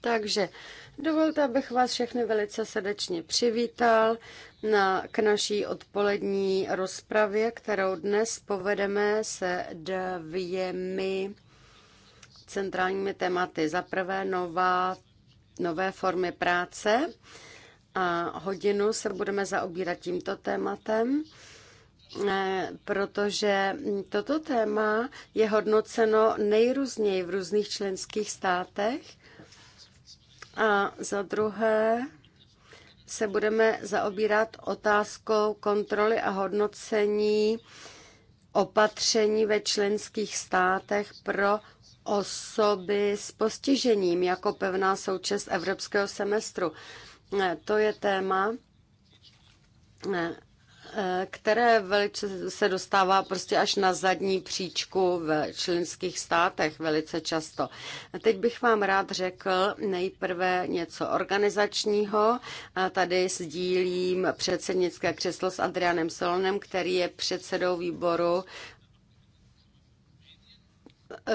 Takže dovolte, abych vás všechny velice srdečně přivítal na, k naší odpolední rozpravě, kterou dnes povedeme se dvěmi centrálními tématy. Za prvé nová, nové formy práce a hodinu se budeme zaobírat tímto tématem protože toto téma je hodnoceno nejrůzněji v různých členských státech. A za druhé se budeme zaobírat otázkou kontroly a hodnocení opatření ve členských státech pro osoby s postižením jako pevná součást evropského semestru. To je téma, Eh, které velice se dostává prostě až na zadní příčku v členských státech velice často. teď bych vám rád řekl nejprve něco organizačního. tady sdílím předsednické křeslo s Adrianem Solonem, který je předsedou výboru Eh,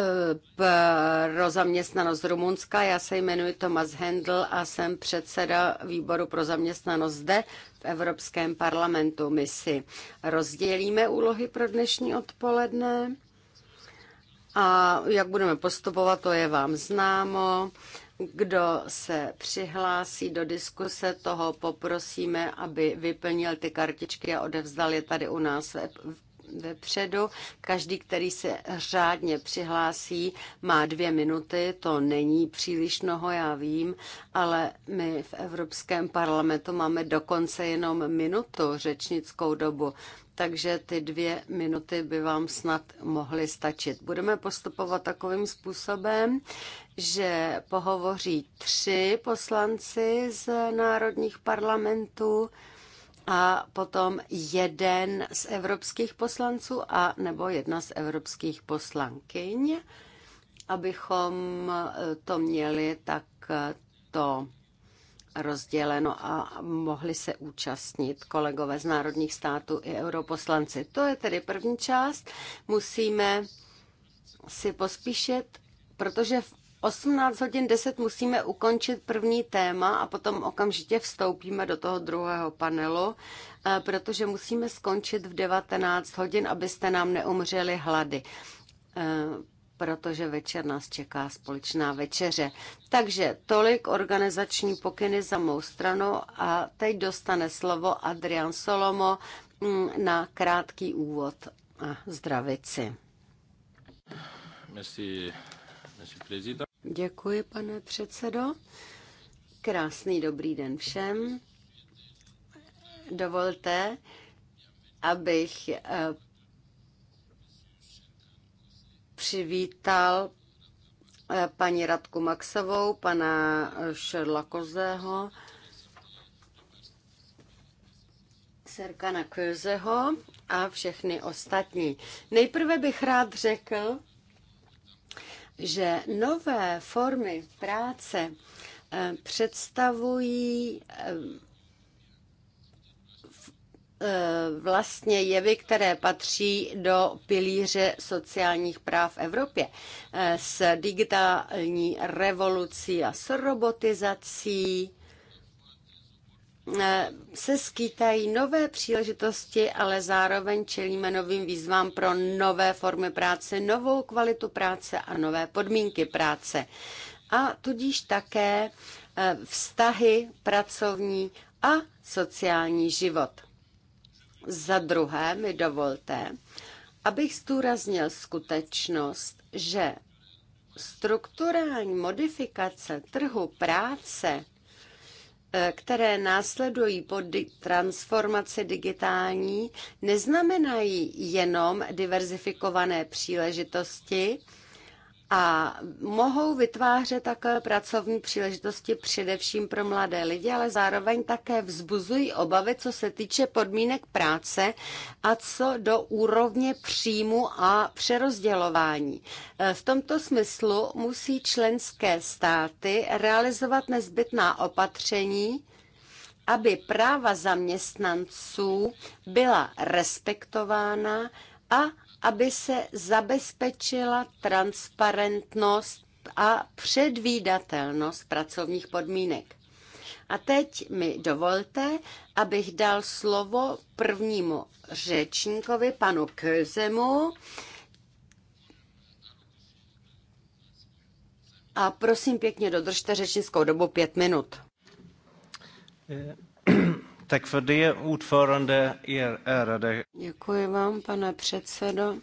pro zaměstnanost Rumunska. Já se jmenuji Tomas Hendl a jsem předseda výboru pro zaměstnanost zde v Evropském parlamentu. My si rozdělíme úlohy pro dnešní odpoledne a jak budeme postupovat, to je vám známo. Kdo se přihlásí do diskuse, toho poprosíme, aby vyplnil ty kartičky a odevzdal je tady u nás vepředu. Každý, který se řádně přihlásí, má dvě minuty. To není příliš mnoho, já vím, ale my v Evropském parlamentu máme dokonce jenom minutu řečnickou dobu takže ty dvě minuty by vám snad mohly stačit. Budeme postupovat takovým způsobem, že pohovoří tři poslanci z národních parlamentů, a potom jeden z evropských poslanců a nebo jedna z evropských poslankyň, abychom eh, to měli tak eh, to rozděleno a mohli se účastnit kolegové z národních států i europoslanci. To je tedy první část. Musíme si pospíšit, protože v 18 hodin 10 musíme ukončit první téma a potom okamžitě vstoupíme do toho druhého panelu, eh, protože musíme skončit v 19 hodin, abyste nám neumřeli hlady eh, protože večer nás čeká společná večeře. Takže tolik organizační pokyny za mou stranu a teď dostane slovo Adrian Solomo mm, na krátký úvod a zdravici. Merci, merci président. Děkuji, pane předsedo. Krásný dobrý den všem. Dovolte, abych eh, přivítal eh, paní Radku Maxovou, pana Šerla Kozeho, Serkana Kozeho a všechny ostatní. Nejprve bych rád řekl, že nové formy práce eh, představují eh, eh, vlastně jevy, které patří do pilíře sociálních práv v Evropě. S digitální revolucí a s robotizací Eh, se skýtají nové příležitosti, ale zároveň čelíme novým výzvám pro nové formy práce, novou kvalitu práce a nové podmínky práce. A tudíž také eh, vztahy pracovní a sociální život. Za druhé mi dovolte, abych zdůraznil skutečnost, že strukturální modifikace trhu práce Eh, které následují po di- transformaci digitální, neznamenají jenom diverzifikované příležitosti, a mohou vytvářet takové pracovní příležitosti především pro mladé lidi, ale zároveň také vzbuzují obavy, co se týče podmínek práce a co do úrovně příjmu a přerozdělování. E, v tomto smyslu musí členské státy realizovat nezbytná opatření, aby práva zaměstnanců byla respektována a aby se zabezpečila transparentnost a předvídatelnost pracovních podmínek. A teď mi dovolte, abych dal slovo prvnímu řečníkovi, panu Kölzemu, A prosím pěkně, dodržte řečnickou dobu pět minut. Eh, tak för det, ordförande, er ärade. Děkuji vám, pane předsedo.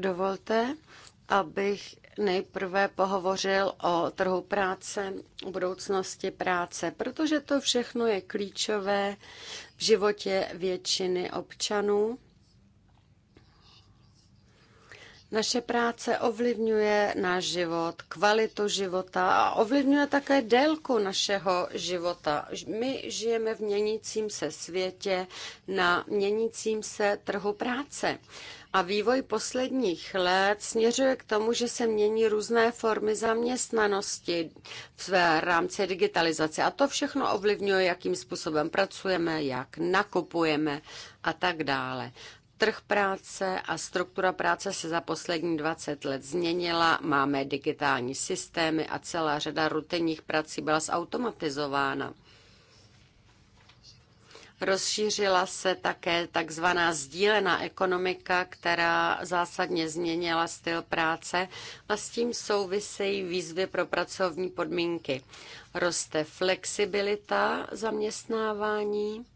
Dovolte, abych nejprve pohovořil o trhu práce, o budoucnosti práce, protože to všechno je klíčové v životě většiny občanů Naše práce ovlivňuje náš život, kvalitu života a ovlivňuje také délku našeho života. My žijeme v měnícím se světě, na měnícím se trhu práce. A vývoj posledních let směřuje k tomu, že se mění různé formy zaměstnanosti v rámci digitalizace. A to všechno ovlivňuje, jakým způsobem pracujeme, jak nakupujeme a tak dále. Trh práce a struktura práce se za poslední 20 let změnila, máme digitální systémy a celá řada rutinních prací byla zautomatizována. Rozšířila se také takzvaná sdílená ekonomika, která zásadně změnila styl práce a s tím souvisejí výzvy pro pracovní podmínky. Roste flexibilita zaměstnávání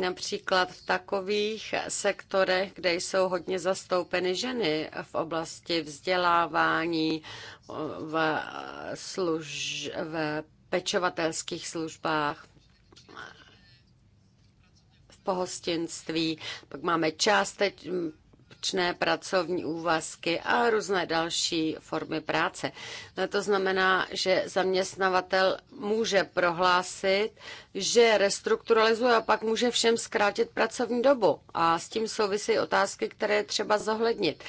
například v takových sektorech, kde jsou hodně zastoupeny ženy v oblasti vzdělávání, v, služ, v pečovatelských službách, v pohostinství. Pak máme částeč, občné pracovní úvazky a různé další formy práce. No to znamená, že zaměstnavatel může prohlásit, že restrukturalizuje a pak může všem zkrátit pracovní dobu. A s tím souvisí otázky, které je třeba zohlednit.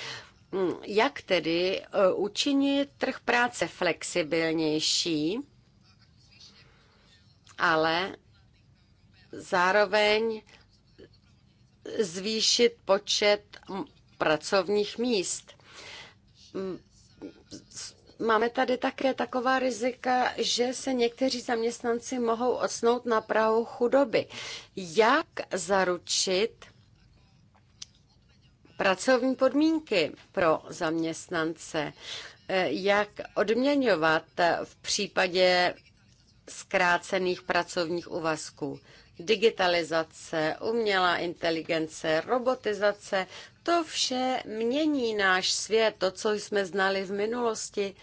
Hm, jak tedy eh, učinit trh práce flexibilnější, ale zároveň zvýšit počet pracovních míst. Máme tady také taková rizika, že se někteří zaměstnanci mohou odsnout na prahu chudoby. Jak zaručit pracovní podmínky pro zaměstnance? Jak odměňovat v případě zkrácených pracovních úvazků? digitalizace, umělá inteligence, robotizace, to vše mění náš svět, to, co jsme znali v minulosti.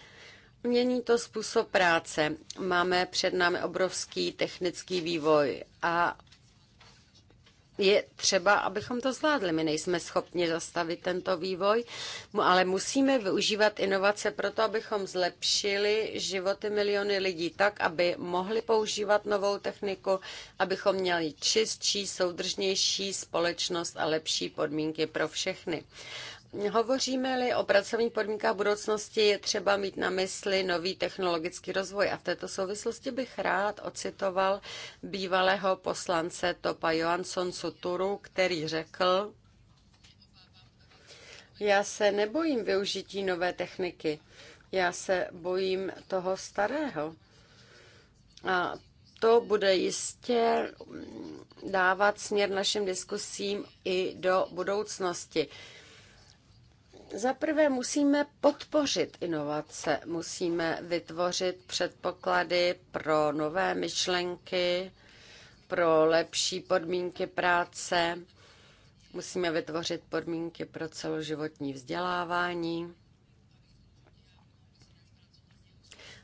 Mění to způsob práce. Máme před námi obrovský technický vývoj a je třeba, abychom to zvládli. My nejsme schopni zastavit tento vývoj, ale musíme využívat inovace proto, abychom zlepšili životy miliony lidí tak, aby mohli používat novou techniku, abychom měli čistší, soudržnější společnost a lepší podmínky pro všechny. Hovoříme-li o pracovních podmínkách budoucnosti, je třeba mít na mysli nový technologický rozvoj. A v této souvislosti bych rád ocitoval bývalého poslance Topa Johansson Suturu, který řekl, já se nebojím využití nové techniky, já se bojím toho starého. A to bude jistě dávat směr našim diskusím i do budoucnosti. Zaprvé musíme podpořit inovace, musíme vytvořit předpoklady pro nové myšlenky, pro lepší podmínky práce, musíme vytvořit podmínky pro celoživotní vzdělávání,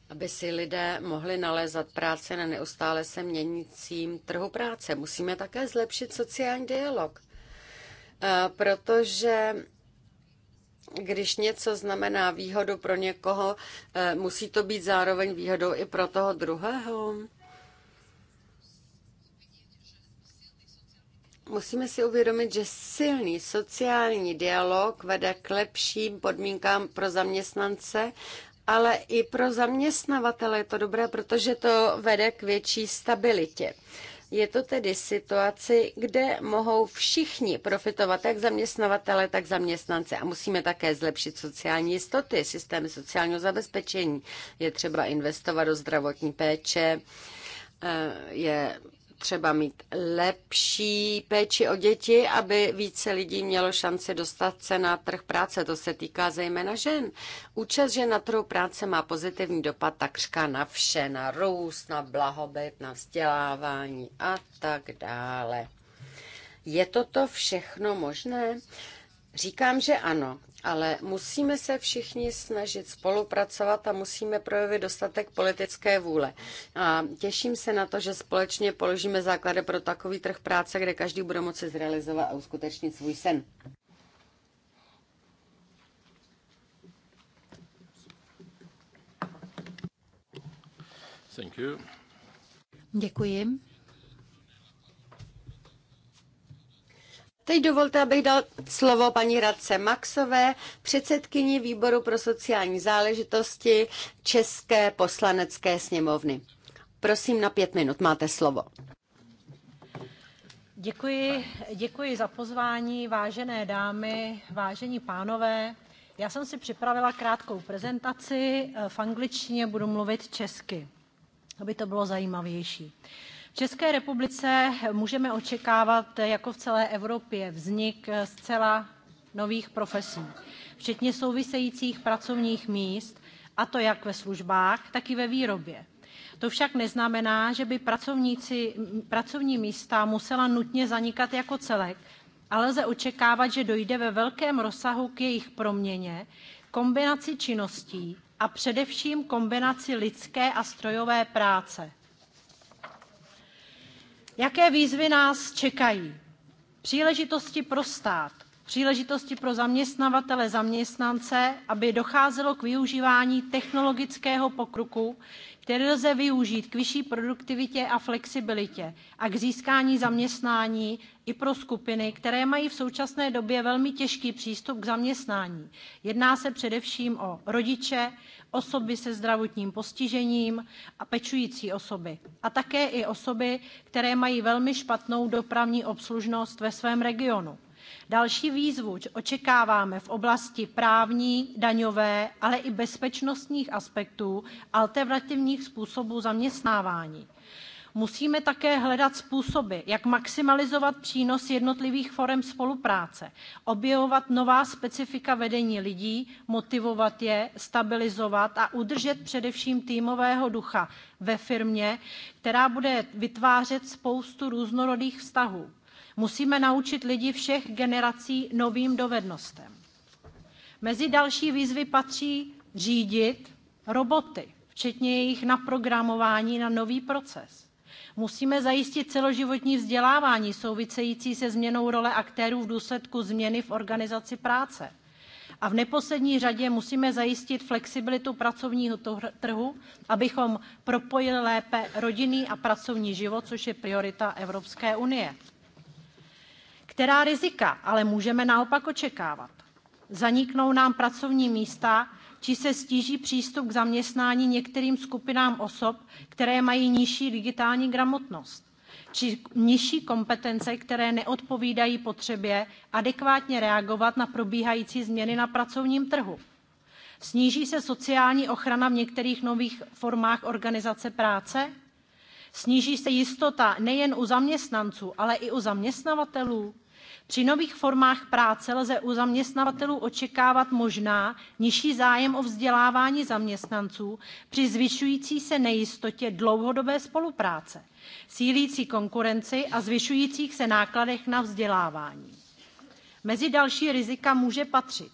aby si lidé mohli nalézat práce na neustále se měnícím trhu práce. Musíme také zlepšit sociální dialog, eh, protože když něco znamená výhodu pro někoho, eh, musí to být zároveň výhodou i pro toho druhého. Musíme si uvědomit, že silný sociální dialog vede k lepším podmínkám pro zaměstnance, ale i pro zaměstnavatele je to dobré, protože to vede k větší stabilitě. Je to tedy situace, kde mohou všichni profitovat, jak zaměstnavatele, tak zaměstnance. A musíme také zlepšit sociální jistoty, systémy sociálního zabezpečení. Je třeba investovat do zdravotní péče, eh, je třeba mít lepší péči o děti, aby více lidí mělo šanci dostat se na trh práce. To se týká zejména žen. Účast žen na trhu práce má pozitivní dopad takřka na vše, na růst, na blahobyt, na vzdělávání a tak dále. Je toto všechno možné? Říkám, že ano, ale musíme se všichni snažit spolupracovat a musíme projevit dostatek politické vůle. A těším se na to, že společně položíme základy pro takový trh práce, kde každý bude moci zrealizovat a uskutečnit svůj sen. Thank you. Děkuji. Teď dovolte, abych dal slovo paní Radce Maxové, předsedkyni výboru pro sociální záležitosti České poslanecké sněmovny. Prosím na pět minut, máte slovo. Děkuji, děkuji za pozvání, vážené dámy, vážení pánové. Já jsem si připravila krátkou prezentaci, eh, v angličtině budu mluvit česky, aby to bylo zajímavější. Uh, v České republice můžeme očekávat, jako v celé Evropě, vznik zcela nových profesí, včetně souvisejících pracovních míst, a to jak ve službách, tak i ve výrobě. To však neznamená, že by pracovníci, pracovní místa musela nutně zanikat jako celek, ale lze očekávat, že dojde ve velkém rozsahu k jejich proměně, kombinaci činností a především kombinaci lidské a strojové práce. Jaké výzvy nás čekají? Příležitosti pro stát, příležitosti pro zaměstnavatele, zaměstnance, aby docházelo k využívání technologického pokroku které lze využít k vyšší produktivitě a flexibilitě a k získání zaměstnání i pro skupiny, které mají v současné době velmi těžký přístup k zaměstnání. Jedná se především o rodiče, osoby se zdravotním postižením a pečující osoby. A také i osoby, které mají velmi špatnou dopravní obslužnost ve svém regionu. Další výzvu očekáváme v oblasti právní, daňové, ale i bezpečnostních aspektů alternativních způsobů zaměstnávání. Musíme také hledat způsoby, jak maximalizovat přínos jednotlivých forem spolupráce, objevovat nová specifika vedení lidí, motivovat je, stabilizovat a udržet především týmového ducha ve firmě, která bude vytvářet spoustu různorodých vztahů. Musíme naučit lidi všech generací novým dovednostem. Mezi další výzvy patří řídit roboty, včetně jejich naprogramování na nový proces. Musíme zajistit celoživotní vzdělávání související se změnou role aktérů v důsledku změny v organizaci práce. A v neposlední řadě musíme zajistit flexibilitu pracovního trhu, abychom propojili lépe rodinný a pracovní život, což je priorita Evropské unie. Která rizika ale můžeme naopak očekávat? Zaniknou nám pracovní místa, či se stíží přístup k zaměstnání některým skupinám osob, které mají nižší digitální gramotnost, či nižší kompetence, které neodpovídají potřebě adekvátně reagovat na probíhající změny na pracovním trhu. Sníží se sociální ochrana v některých nových formách organizace práce? Sníží se jistota nejen u zaměstnanců, ale i u zaměstnavatelů? Při nových formách práce lze u zaměstnavatelů očekávat možná nižší zájem o vzdělávání zaměstnanců při zvyšující se nejistotě dlouhodobé spolupráce, sílící konkurenci a zvyšujících se nákladech na vzdělávání. Mezi další rizika může patřit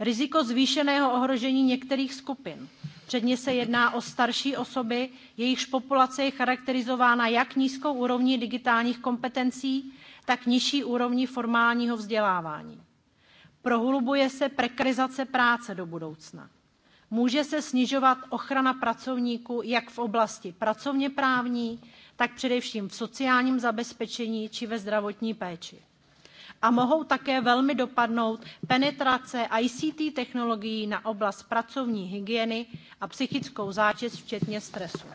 riziko zvýšeného ohrožení některých skupin. Předně se jedná o starší osoby, jejichž populace je charakterizována jak nízkou úrovní digitálních kompetencí, tak nižší úrovni formálního vzdělávání. Prohlubuje se prekarizace práce do budoucna. Může se snižovat ochrana pracovníků jak v oblasti pracovně právní, tak především v sociálním zabezpečení či ve zdravotní péči. A mohou také velmi dopadnout penetrace ICT technologií na oblast pracovní hygieny a psychickou zátěž, včetně stresu.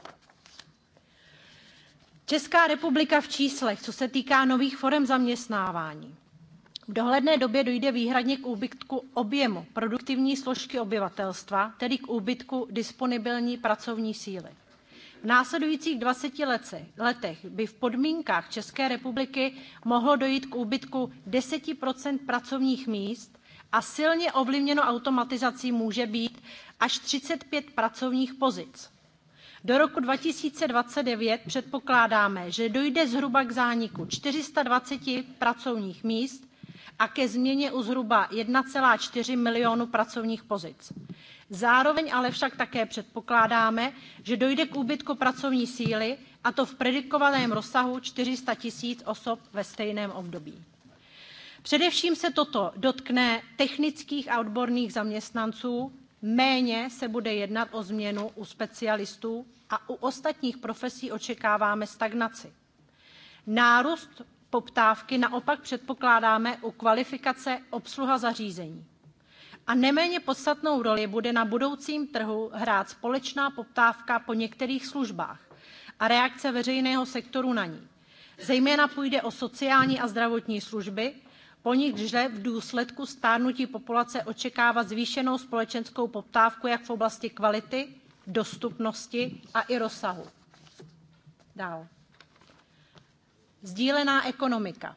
Česká republika v číslech, co se týká nových forem zaměstnávání. V dohledné době dojde výhradně k úbytku objemu produktivní složky obyvatelstva, tedy k úbytku disponibilní pracovní síly. V následujících 20 letech by v podmínkách České republiky mohlo dojít k úbytku 10 pracovních míst a silně ovlivněno automatizací může být až 35 pracovních pozic. Do roku 2029 předpokládáme, že dojde zhruba k zániku 420 pracovních míst a ke změně u zhruba 1,4 milionu pracovních pozic. Zároveň ale však také předpokládáme, že dojde k úbytku pracovní síly, a to v predikovaném rozsahu 400 tisíc osob ve stejném období. Především se toto dotkne technických a odborných zaměstnanců, Méně se bude jednat o změnu u specialistů a u ostatních profesí očekáváme stagnaci. Nárůst poptávky naopak předpokládáme u kvalifikace obsluha zařízení. A neméně podstatnou roli bude na budoucím trhu hrát společná poptávka po některých službách a reakce veřejného sektoru na ní. Zejména půjde o sociální a zdravotní služby, po nichž lze v důsledku stárnutí populace očekávat zvýšenou společenskou poptávku jak v oblasti kvality, dostupnosti a i rozsahu. Dál. Sdílená ekonomika.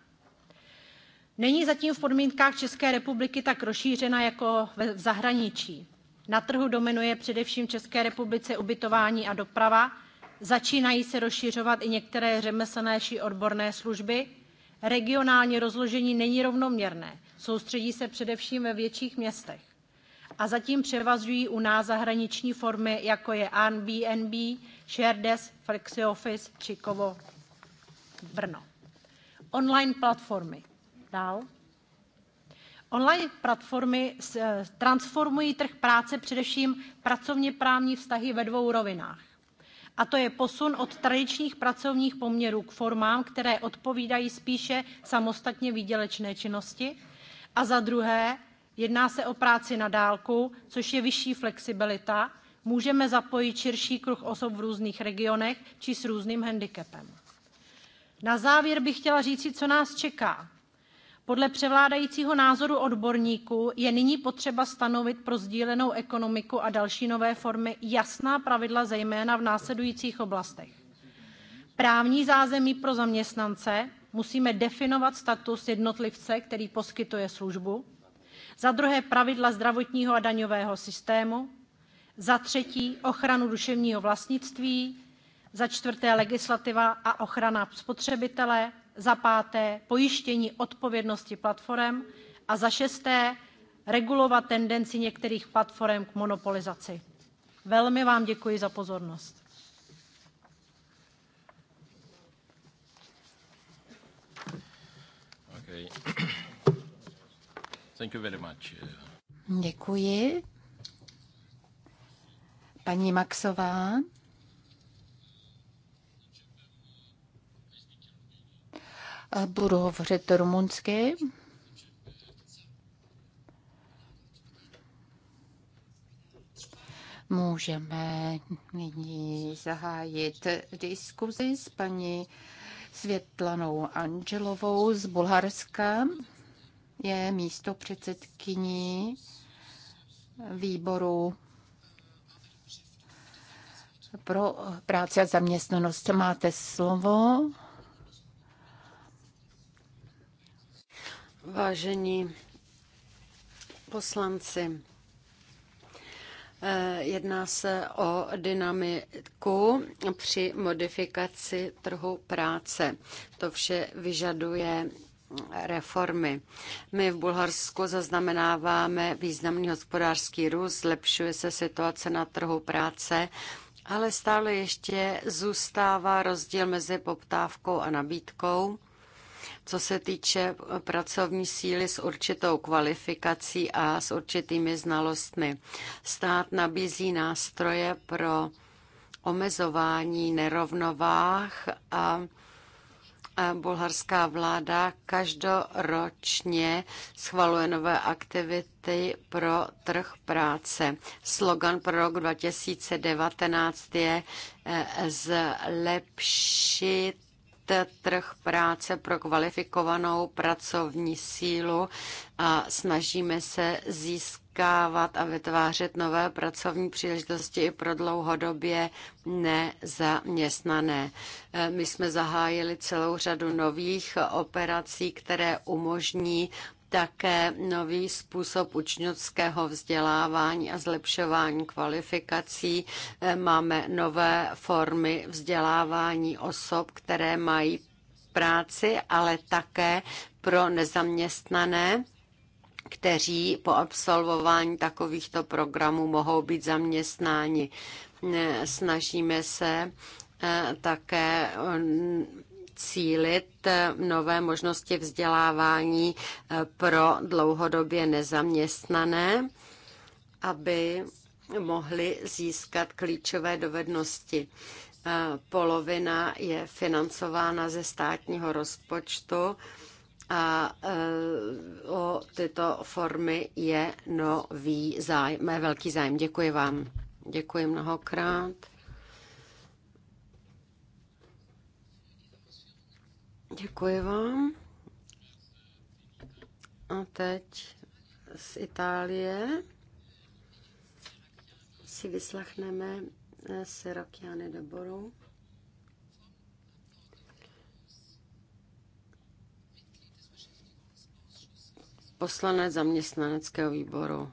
Není zatím v podmínkách České republiky tak rozšířena jako v zahraničí. Na trhu dominuje především v České republice ubytování a doprava, začínají se rozšířovat i některé řemeslné či odborné služby, Regionální rozložení není rovnoměrné, soustředí se především ve větších městech. A zatím převažují u nás zahraniční formy, jako je Airbnb, Sharedesk, FlexiOffice či Kovo Brno. Online platformy. Dál. Online platformy eh, transformují trh práce především pracovně právní vztahy ve dvou rovinách a to je posun od tradičních pracovních poměrů k formám, které odpovídají spíše samostatně výdělečné činnosti, a za druhé, jedná se o práci na dálku, což je vyšší flexibilita, můžeme zapojit širší kruh osob v různých regionech či s různým handicapem. Na závěr bych chtěla říci, co nás čeká. Podle převládajícího názoru odborníků je nyní potřeba stanovit pro sdílenou ekonomiku a další nové formy jasná pravidla zejména v následujících oblastech. Právní zázemí pro zaměstnance musíme definovat status jednotlivce, který poskytuje službu. Za druhé pravidla zdravotního a daňového systému. Za třetí ochranu duševního vlastnictví. Za čtvrté legislativa a ochrana spotřebitele za páté pojištění odpovědnosti platform a za šesté regulovat tendenci některých platform k monopolizaci. Velmi vám děkuji za pozornost. Okay. Thank you very much. Děkuji. Paní Maxová. Budu hovořit rumunsky. Můžeme nyní zahájit diskuzi s paní Světlanou Angelovou z Bulharska. Je místo předsedkyní výboru pro práci a zaměstnanost. Máte slovo. Vážení poslanci, eh, jedná se o dynamiku při modifikaci trhu práce. To vše vyžaduje reformy. My v Bulharsku zaznamenáváme významný hospodářský růst, zlepšuje se situace na trhu práce, ale stále ještě zůstává rozdíl mezi poptávkou a nabídkou co se týče eh, pracovní síly s určitou kvalifikací a s určitými znalostmi. Stát nabízí nástroje pro omezování nerovnovách a bulharská vláda každoročně schvaluje nové aktivity pro trh práce. Slogan pro rok 2019 je eh, zlepšit trh práce pro kvalifikovanou pracovní sílu a snažíme se získávat a vytvářet nové pracovní příležitosti i pro dlouhodobě nezaměstnané. Eh, my jsme zahájili celou řadu nových operací, které umožní také nový způsob učňovského vzdělávání a zlepšování kvalifikací. Eh, máme nové formy vzdělávání osob, které mají práci, ale také pro nezaměstnané kteří po absolvování takovýchto programů mohou být zaměstnáni. Eh, snažíme se eh, také mm, cílit eh, nové možnosti vzdělávání eh, pro dlouhodobě nezaměstnané, aby mohli získat klíčové dovednosti. Eh, polovina je financována ze státního rozpočtu a o tyto formy je nový zájem, velký zájem. Děkuji vám. Děkuji mnohokrát. Děkuji vám. A teď z Itálie si vyslechneme eh, Serakiany Doboru. Poslanec zaměstnaneckého výboru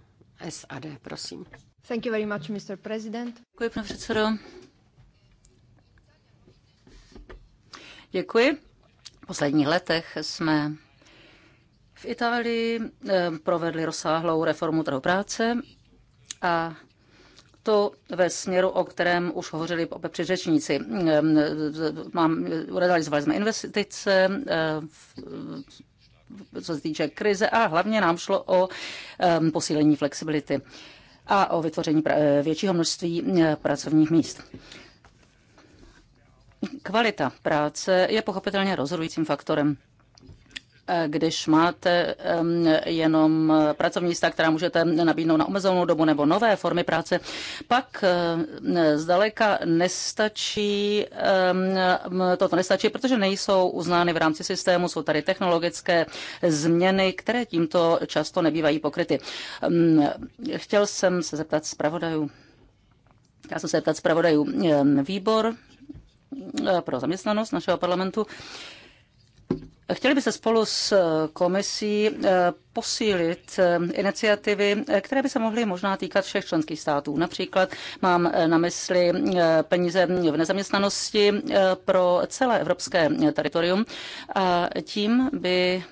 SAD, prosím. Thank you very much, Mr. President. Děkuji, pane předsedo. Děkuji. V posledních letech jsme v Itálii eh, provedli rozsáhlou reformu trhu práce a to ve směru, o kterém už hovořili předřečníci. Eh, mám, realizovali jsme investice eh, co se týče krize a hlavně nám šlo o posílení flexibility a o vytvoření většího množství pracovních míst. Kvalita práce je pochopitelně rozhodujícím faktorem e, když máte jenom pracovní místa, která můžete nabídnout na omezenou dobu nebo nové formy práce, pak e, zdaleka nestačí, toto nestačí, protože nejsou uznány v rámci systému, jsou tady technologické změny, které tímto často nebývají pokryty. Chtěl jsem se zeptat zpravodajů. Já jsem se zeptat zpravodajů. Výbor Eh, pro zaměstnanost našeho parlamentu. Chtěli by se spolu s eh, komisí eh, posílit iniciativy, které by se mohly možná týkat všech členských států. Například mám na mysli peníze v nezaměstnanosti pro celé evropské teritorium a tím by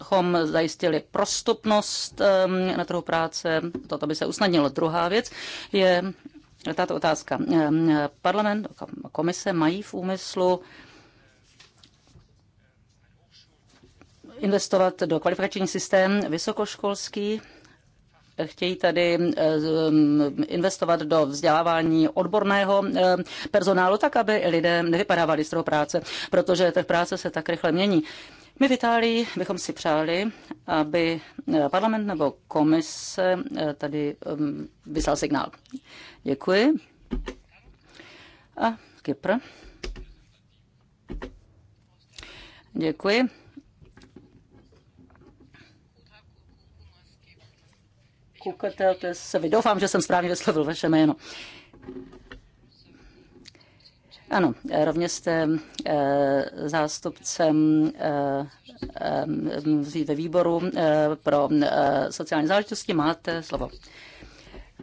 abychom zajistili prostupnost ehm, na trhu práce, toto by se usnadnilo. Druhá věc je tato otázka. Ehm, parlament a komise mají v úmyslu investovat do kvalifikační systém vysokoškolský, chtějí tady ehm, investovat do vzdělávání odborného ehm, personálu, tak aby lidé nevypadávali z toho práce, protože trh práce se tak rychle mění. My v Itálii bychom si přáli, aby eh, parlament nebo komise eh, tady mm, vyslal signál. Děkuji. A Kypr. Děkuji. Kukatel, to je, doufám, že jsem správně vyslovil vaše jméno. Ano, rovně jste eh, zástupcem eh, eh, ve výboru pro sociální záležitosti. Máte slovo.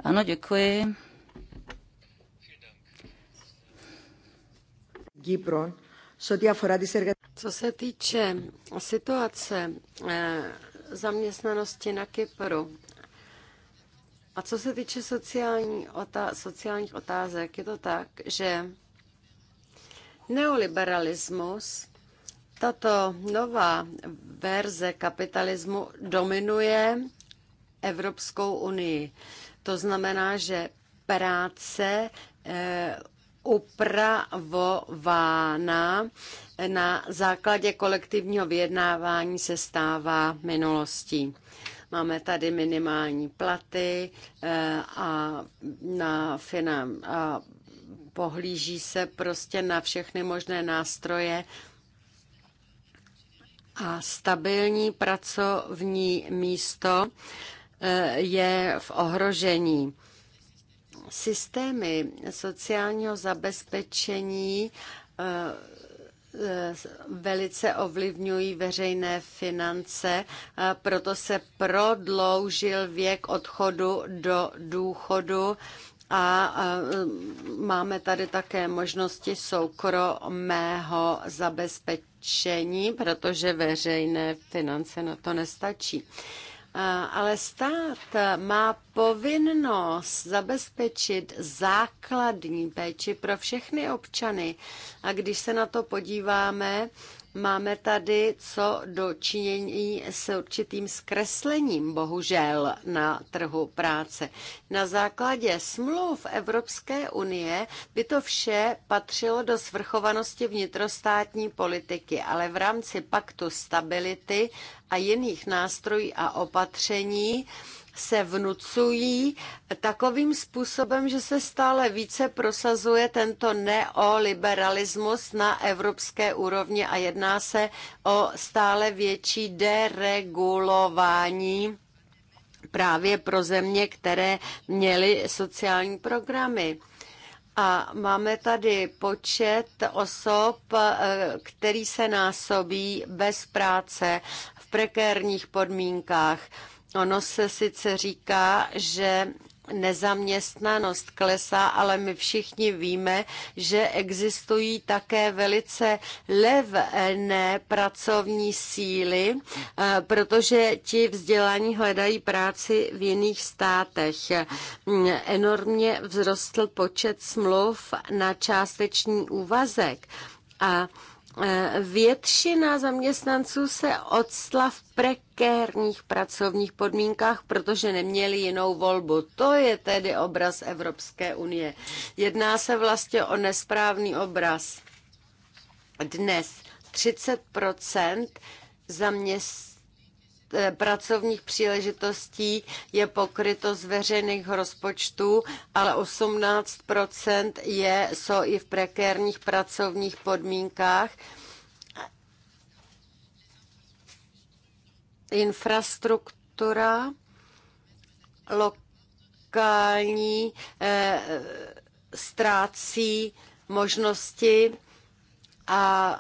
Ano, děkuji. Co se týče situace zaměstnanosti na Kypru, a co se týče sociální otá- sociálních otázek, je to tak, že Neoliberalismus, tato nová verze kapitalismu dominuje Evropskou unii. To znamená, že práce eh, upravována na základě kolektivního vyjednávání se stává minulostí. Máme tady minimální platy eh, a na finan- a pohlíží se prostě na všechny možné nástroje a stabilní pracovní místo e, je v ohrožení. Systémy sociálního zabezpečení e, e, velice ovlivňují veřejné finance, proto se prodloužil věk odchodu do důchodu a máme tady také možnosti soukromého zabezpečení, protože veřejné finance na to nestačí. Ale stát má povinnost zabezpečit základní péči pro všechny občany. A když se na to podíváme, Máme tady co dočinění s určitým zkreslením, bohužel, na trhu práce. Na základě smluv Evropské unie by to vše patřilo do svrchovanosti vnitrostátní politiky, ale v rámci paktu stability a jiných nástrojů a opatření se vnucují takovým způsobem, že se stále více prosazuje tento neoliberalismus na evropské úrovni a jedná se o stále větší deregulování právě pro země, které měly sociální programy. A máme tady počet osob, eh, který se násobí bez práce v prekérních podmínkách. Ono se sice říká, že nezaměstnanost klesá, ale my všichni víme, že existují také velice levné pracovní síly, eh, protože ti vzdělaní hledají práci v jiných státech. Mm, enormně vzrostl počet smluv na částečný úvazek a Většina zaměstnanců se odstla v prekérních pracovních podmínkách, protože neměli jinou volbu. To je tedy obraz Evropské unie. Jedná se vlastně o nesprávný obraz. Dnes 30 zaměstnanců Eh, pracovních příležitostí je pokryto z veřejných rozpočtů, ale 18 je, jsou i v prekérních pracovních podmínkách. Infrastruktura, lokální eh, ztrácí možnosti a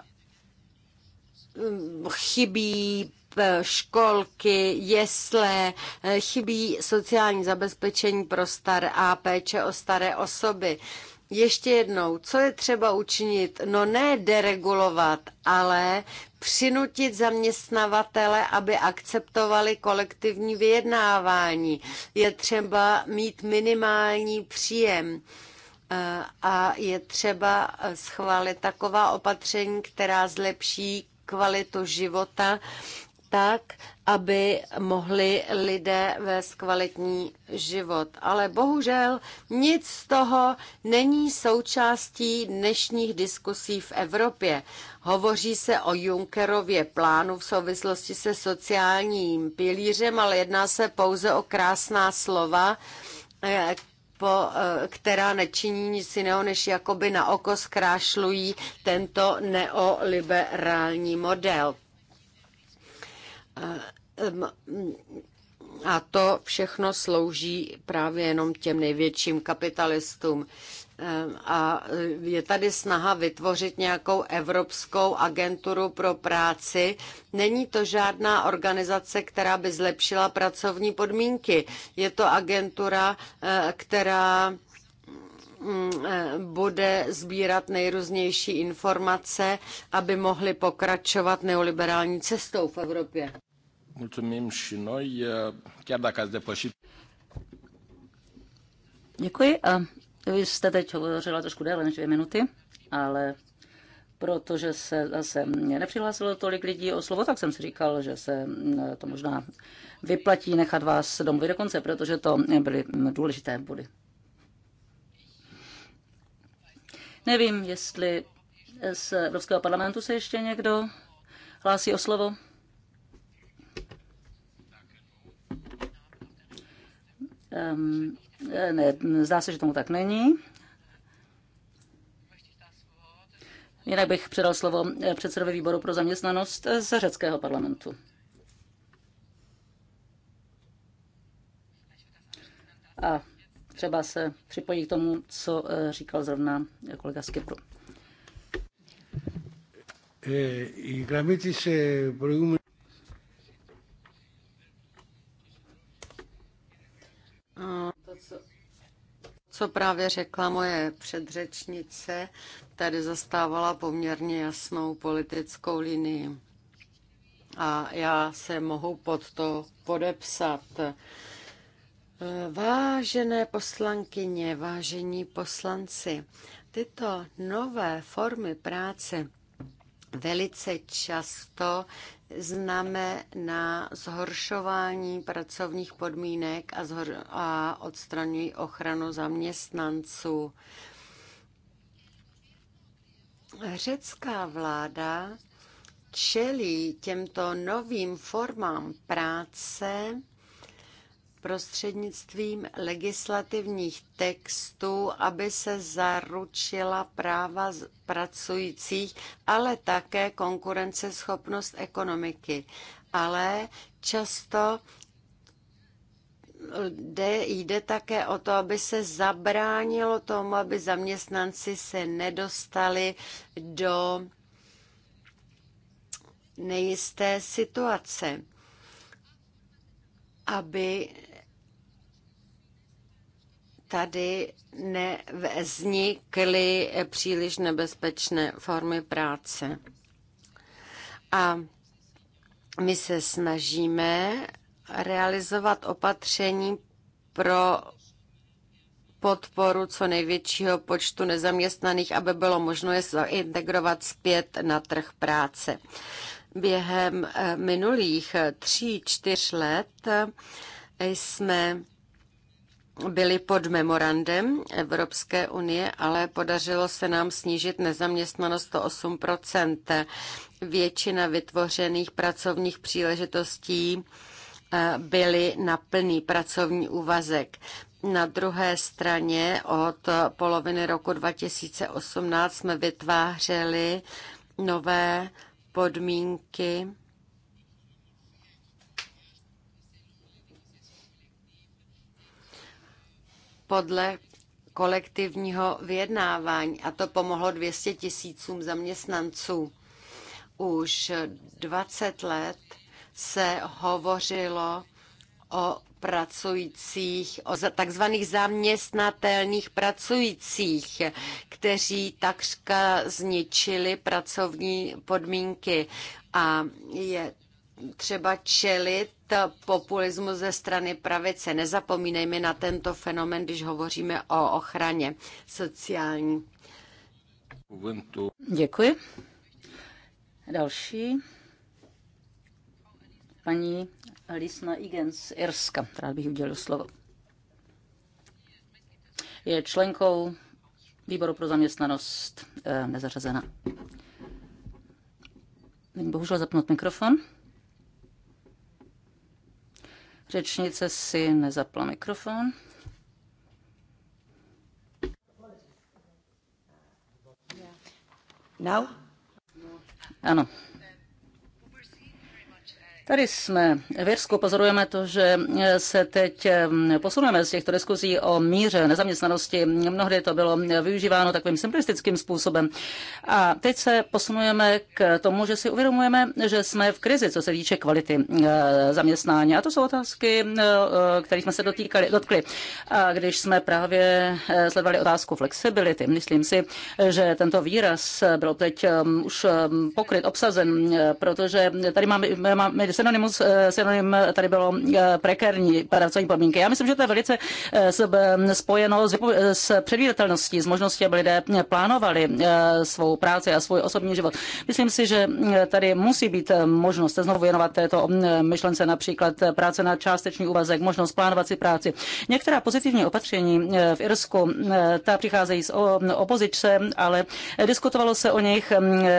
mm, chybí E, školky, jesle, e, chybí sociální zabezpečení pro staré a péče o staré osoby. Ještě jednou, co je třeba učinit? No ne deregulovat, ale přinutit zaměstnavatele, aby akceptovali kolektivní vyjednávání. Je třeba mít minimální příjem e, a je třeba schválit taková opatření, která zlepší kvalitu života tak, aby mohli lidé vést kvalitní život. Ale bohužel nic z toho není součástí dnešních diskusí v Evropě. Hovoří se o Junckerově plánu v souvislosti se sociálním pilířem, ale jedná se pouze o krásná slova, eh, po, eh, která nečiní nic jiného, než jakoby na oko zkrášlují tento neoliberální model. Ehm, a to všechno slouží právě jenom těm největším kapitalistům. Ehm, a je tady snaha vytvořit nějakou evropskou agenturu pro práci. Není to žádná organizace, která by zlepšila pracovní podmínky. Je to agentura, eh, která mm, eh, bude sbírat nejrůznější informace, aby mohly pokračovat neoliberální cestou v Evropě. Mulțumim și noi, e, chiar dacă ați depășit. Děkuji. A vy jste teď hovořila trošku déle než dvě minuty, ale protože se zase nepřihlásilo tolik lidí o slovo, tak jsem si říkal, že se e, to možná vyplatí nechat vás domluvit do konce, protože to byly důležité body. Nevím, jestli z Evropského parlamentu se ještě někdo hlásí o slovo. Ne, zdá se, že tomu tak není. Jinak bych předal slovo eh, předsedovi výboru pro zaměstnanost eh, ze řeckého parlamentu. A třeba se připojí k tomu, co eh, říkal zrovna kolega z Kypru. Η co, co právě řekla moje předřečnice, tady zastávala poměrně jasnou politickou linii. A já se mohu pod to podepsat. Vážené poslankyně, vážení poslanci, tyto nové formy práce velice často znamená zhoršování pracovních podmínek a, zhor- a odstraňují ochranu zaměstnanců. Řecká vláda čelí těmto novým formám práce prostřednictvím legislativních textů, aby se zaručila práva pracujících, ale také konkurenceschopnost ekonomiky. Ale často jde, jde také o to, aby se zabránilo tomu, aby zaměstnanci se nedostali do nejisté situace, aby tady nevznikly příliš nebezpečné formy práce. A my se snažíme realizovat opatření pro podporu co největšího počtu nezaměstnaných, aby bylo možno je zaintegrovat zpět na trh práce. Během eh, minulých tří, čtyř let eh, jsme byli pod memorandem Evropské unie, ale podařilo se nám snížit nezaměstnanost o 8 Většina vytvořených pracovních příležitostí eh, byly na plný pracovní úvazek. Na druhé straně od poloviny roku 2018 jsme vytvářeli nové podmínky podle kolektivního vyjednávání a to pomohlo 200 tisícům zaměstnanců. Už 20 let se hovořilo o pracujících, o takzvaných zaměstnatelných pracujících, kteří takřka zničili pracovní podmínky. A je třeba čelit populismu ze strany pravice. Nezapomínejme na tento fenomen, když hovoříme o ochraně sociální. Děkuji. Další. Paní Lisna Igens Irska, rád bych udělil slovo. Je členkou výboru pro zaměstnanost eh, nezařazena. bohužel zapnout mikrofon. Řečnice si nezapla mikrofon. Now? Ano. Tady jsme v Irsku, pozorujeme to, že se teď mm, posuneme z těchto diskuzí o míře nezaměstnanosti. Mnohdy to bylo využíváno takovým simplistickým způsobem. A teď se posunujeme k tomu, že si uvědomujeme, že jsme v krizi, co se týče kvality mm, zaměstnání. A to jsou otázky, mm, kterých jsme se dotýkali, dotkli. A když jsme právě eh, sledovali otázku flexibility, myslím si, že tento výraz byl teď už pokryt, obsazen, protože tady máme, máme synonymus, eh, synonym tady bylo eh, prekérní pracovní podmínky. Já myslím, že to je velice eh, spojeno s, s předvídatelností, s možností, aby lidé plánovali svou práci a svůj osobní život. Myslím si, že tady musí být možnost se znovu věnovat této myšlence, například práce na částečný úvazek, možnost plánovat si práci. Některá pozitivní opatření v Irsku, ta přicházejí z opozice, ale diskutovalo se o nich.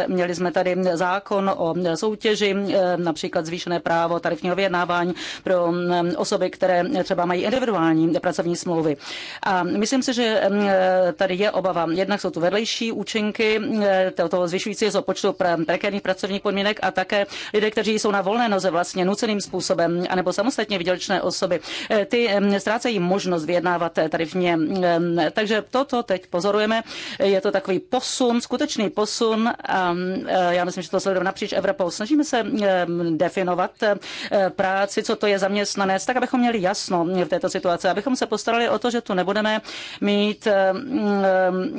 Měli jsme tady zákon o soutěži, například zvýšenou společné právo tarifního vyjednávání pro mm, osoby, které třeba mají individuální pracovní smlouvy. A myslím si, že mm, tady je obava. Jednak jsou tu vedlejší účinky mm, toho zvyšujícího se počtu prekérních pracovních podmínek a také lidé, kteří jsou na volné noze vlastně nuceným způsobem, anebo samostatně vydělečné osoby. Eh, ty ztrácejí možnost vyjednávat eh, tarifně. Takže toto teď pozorujeme. Je to takový posun, skutečný posun. A eh, já myslím, že to sledujeme napříč Evropou. Snažíme se definovat definovat eh, práci, co to je zaměstnanec, tak abychom měli jasno v této situaci, abychom se postarali o to, že tu nebudeme mít, eh, mm,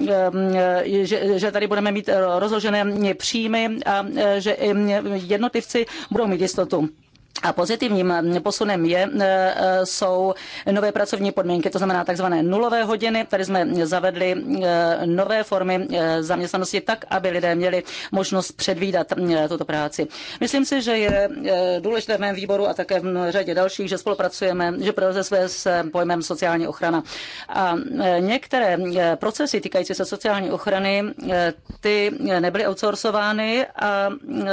eh, mm, že, tady budeme mít rozložené příjmy a že jednotlivci budou mít jistotu. A pozitivním eh, posunem je, eh, eh, jsou nové pracovní podmínky, to znamená takzvané nulové hodiny. Tady jsme zavedli nové formy zaměstnanosti tak, aby lidé měli možnost předvídat mm, tuto práci. Myslím si, že je důležité v mém výboru a také v řadě dalších, že spolupracujeme, že proleze své s pojmem sociální ochrana. A některé procesy týkající se sociální ochrany, ty nebyly outsourcovány a mm,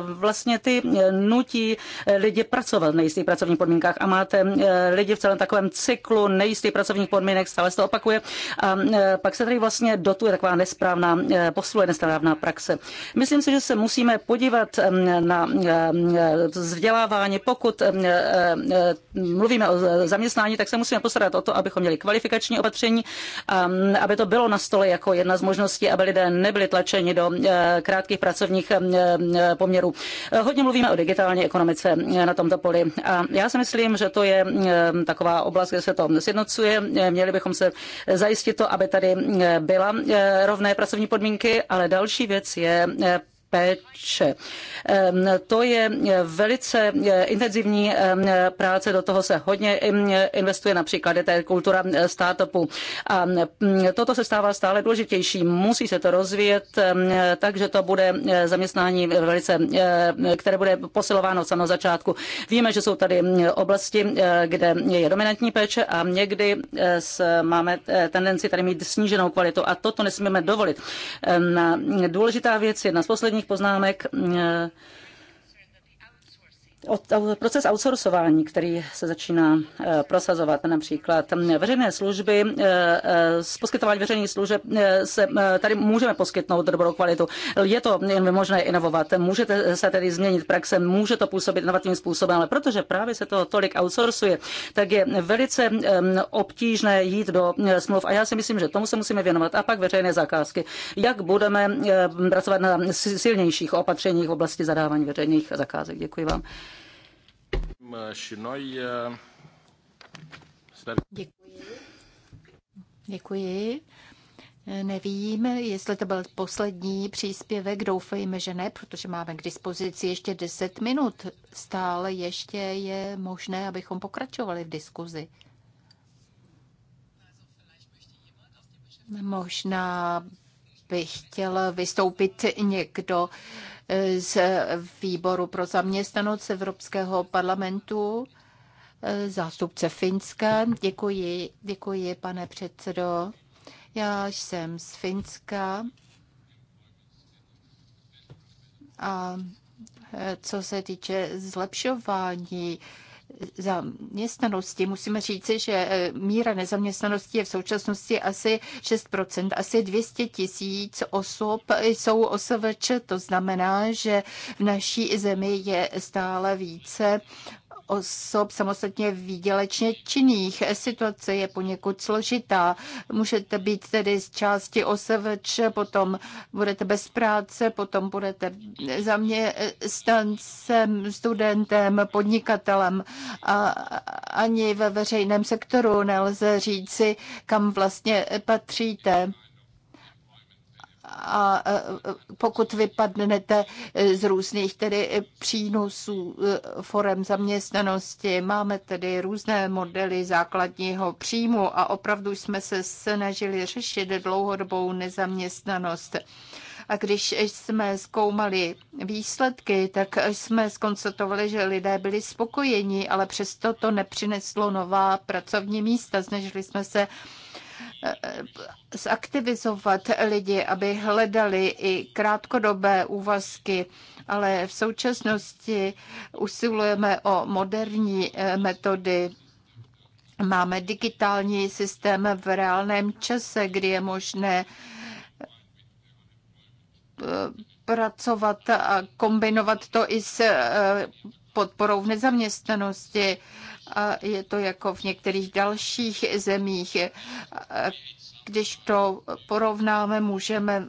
vlastně ty nutí lidi pracovat v nejistých pracovních podmínkách a máte eh, lidi v celém takovém cyklu nejistých pracovních podmínek, stále se to opakuje a eh, pak se tady vlastně dotuje taková nesprávná, eh, posluje nesprávná praxe. Myslím si, že se musíme podívat na vzdělávání. Pokud mluvíme o zaměstnání, tak se musíme postarat o to, abychom měli kvalifikační opatření, aby to bylo na stole jako jedna z možností, aby lidé nebyli tlačeni do krátkých pracovních poměrů. Hodně mluvíme o digitální ekonomice pozice na tomto poli. A já si myslím, že to je eh, taková oblast, kde se to sjednocuje. Eh, měli bychom se zajistit to, aby tady eh, byla rovné pracovní podmínky, ale další věc je péče. To je velice intenzivní práce, do toho se hodně investuje, například je to kultura startupů. A toto se stává stále důležitější. Musí se to rozvíjet, takže to bude zaměstnání velice, které bude posilováno od samého začátku. Víme, že jsou tady oblasti, kde je dominantní péče a někdy máme eh, tendenci tady mít sníženou kvalitu a toto nesmíme dovolit. Důležitá věc, jedna z posledních posledních poznámek Proces outsourcování, který se začíná eh, prosazovat, například hm, veřejné služby, z eh, eh, poskytování veřejných služeb se tady můžeme poskytnout dobrou kvalitu. Je to možné inovovat, můžete se tedy změnit praxe, může to působit inovativním způsobem, ale protože právě se to tolik outsourcuje, tak je velice hm, obtížné jít do hm, smluv a já si myslím, že tomu se musíme věnovat. A pak veřejné zakázky. Jak budeme pracovat na silnějších opatřeních v oblasti zadávání veřejných zakázek? Děkuji vám. Eh, Děkuji. Děkuji. Nevím, jestli to byl poslední příspěvek, doufejme, že ne, protože máme k dispozici ještě 10 minut. Stále ještě je možné, abychom pokračovali v diskuzi. Možná by chtěl vystoupit někdo z výboru pro zaměstnanost Evropského parlamentu, e, zástupce Finska. Děkuji, děkuji, pane předsedo. Já jsem z Finska. A e, co se týče zlepšování zaměstnanosti. Musíme říci, že e, míra nezaměstnanosti je v současnosti asi 6%. Asi 200 tisíc osob jsou osvč. To znamená, že v naší zemi je stále více osob samostatně výdělečně činných. Situace je poněkud složitá. Můžete být tedy z části osevč, potom budete bez práce, potom budete za mě stancem, studentem, podnikatelem. A ani ve veřejném sektoru nelze říci, kam vlastně patříte a e, e, pokud vypadnete e, z různých tedy přínosů forem zaměstnanosti, máme tedy různé modely základního příjmu a opravdu jsme se snažili řešit dlouhodobou nezaměstnanost. A když jsme zkoumali výsledky, tak jsme skonstatovali, že lidé byli spokojeni, ale přesto to nepřineslo nová pracovní místa. Snažili jsme se Eh, zaktivizovat lidi, aby hledali i krátkodobé úvazky, ale v současnosti usilujeme o moderní eh, metody. Máme digitální systém v reálném čase, kdy je možné eh, pracovat a kombinovat to i s podporou v nezaměstnanosti a je to jako v některých dalších zemích. Když to porovnáme, můžeme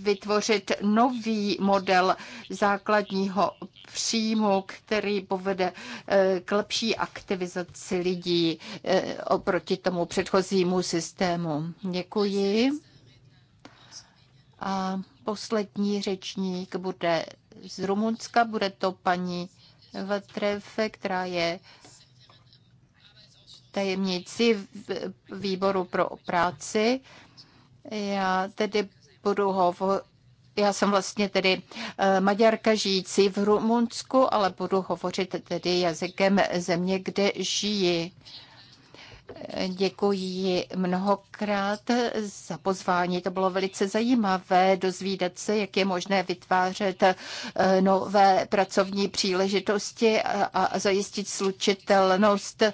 vytvořit nový model základního příjmu, který povede eh, k lepší aktivizaci lidí eh, oproti tomu předchozímu systému. Děkuji. A poslední řečník bude z Rumunska, bude to paní Vatrefe, která je tajemnici výboru pro práci. Já tedy budu hovořit já jsem vlastně tedy eh, Maďarka žijící v Rumunsku, ale budu hovořit tedy jazykem země, kde žijí. Děkuji mnohokrát za pozvání. To bylo velice zajímavé dozvídat se, jak je možné vytvářet eh, nové pracovní příležitosti a zajistit slučitelnost eh,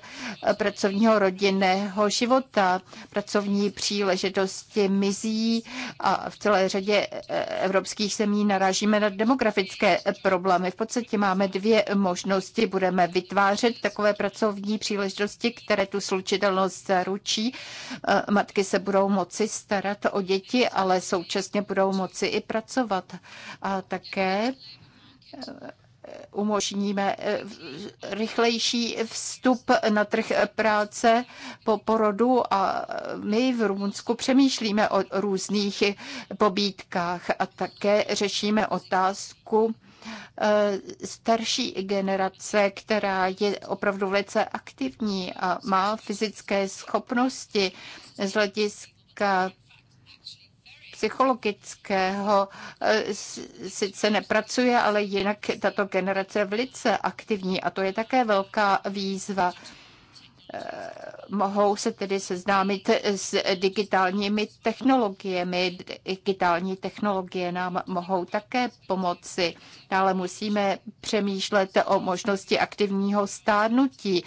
pracovního rodinného života. Pracovní příležitosti mizí a v celé řadě eh, evropských zemí narážíme na demografické problémy. V podstatě máme dvě možnosti. Budeme vytvářet takové pracovní příležitosti, které tu slučitelnost pravidelnost zaručí. Eh, matky se budou moci starat o děti, ale současně budou moci i pracovat. A také eh, umožníme eh, rychlejší vstup na trh práce po porodu a my v Rumunsku přemýšlíme o různých pobídkách a také řešíme otázku Eh, starší generace, která je opravdu velice aktivní a má fyzické schopnosti z hlediska psychologického eh, sice nepracuje, ale jinak tato generace je velice aktivní a to je také velká výzva. Eh, mohou se tedy seznámit s digitálními technologiemi. Digitální technologie nám mohou také pomoci, ale musíme přemýšlet o možnosti aktivního stárnutí.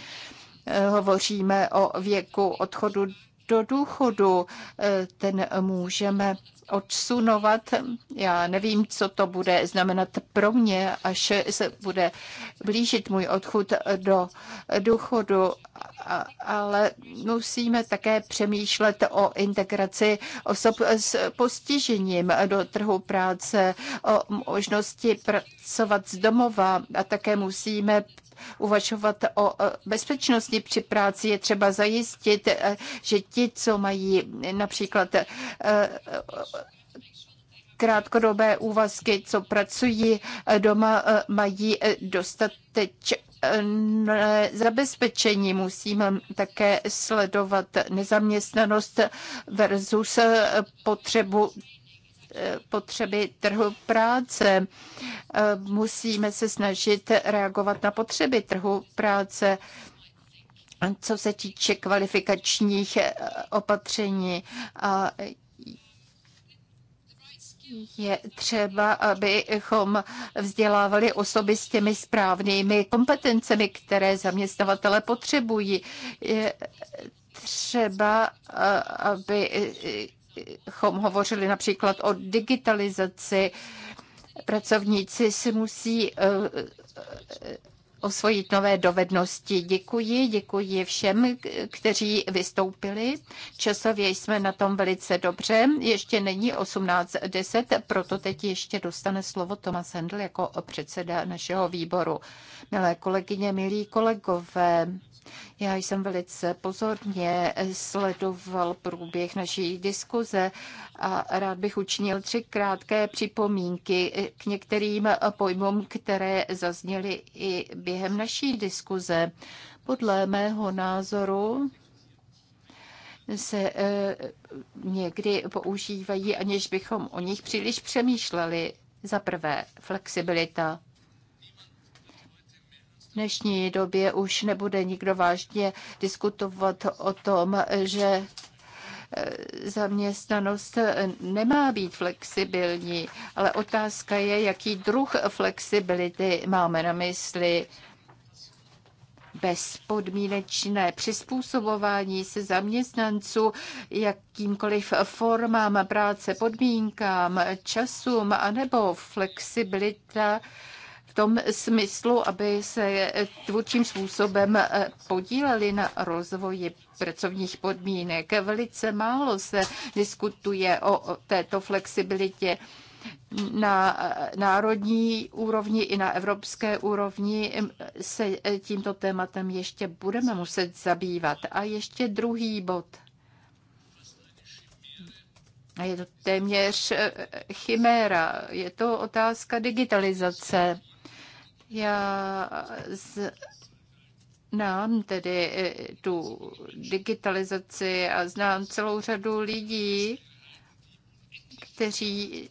Eh, hovoříme o věku odchodu do důchodu. Eh, ten můžeme odsunovat. Já nevím, co to bude znamenat pro mě, až se bude blížit můj odchod do důchodu, ale musíme také přemýšlet o integraci osob s postižením do trhu práce, o možnosti pracovat z domova a také musíme uvažovat o bezpečnosti při práci. Je třeba zajistit, eh, že ti, co mají například eh, krátkodobé úvazky, co pracují eh, doma, mají dostateč zabezpečení. Musíme také sledovat nezaměstnanost versus potřebu potřeby trhu práce. Musíme se snažit reagovat na potřeby trhu práce. Co se týče kvalifikačních eh, opatření, a je třeba, abychom vzdělávali osoby s těmi správnými kompetencemi, které zaměstnavatele potřebují. Je třeba, eh, aby eh, bychom hovořili například o digitalizaci, pracovníci si musí eh, eh, osvojit nové dovednosti. Děkuji, děkuji všem, kteří vystoupili. Časově jsme na tom velice dobře. Ještě není 18.10, proto teď ještě dostane slovo Tomas Hendl jako předseda našeho výboru. Milé kolegyně, milí kolegové, já jsem velice pozorně sledoval průběh naší diskuze a rád bych učinil tři krátké připomínky k některým pojmům, které zazněly i během naší diskuze. Podle mého názoru se eh, někdy používají, aniž bychom o nich příliš přemýšleli. Za prvé, flexibilita dnešní době už nebude nikdo vážně diskutovat o tom, že e, zaměstnanost nemá být flexibilní, ale otázka je, jaký druh flexibility máme na mysli. Bezpodmínečné přizpůsobování se zaměstnanců jakýmkoliv formám práce, podmínkám, časům, anebo flexibilita tom smyslu, aby se tvůrčím způsobem eh, podíleli na rozvoji pracovních podmínek. Velice málo se diskutuje o této flexibilitě na eh, národní úrovni i na evropské úrovni se eh, tímto tématem ještě budeme muset zabývat. A ještě druhý bod. Je to téměř chiméra. Je to otázka digitalizace. Já z, Znám tedy eh, tu digitalizaci a znám celou řadu lidí, kteří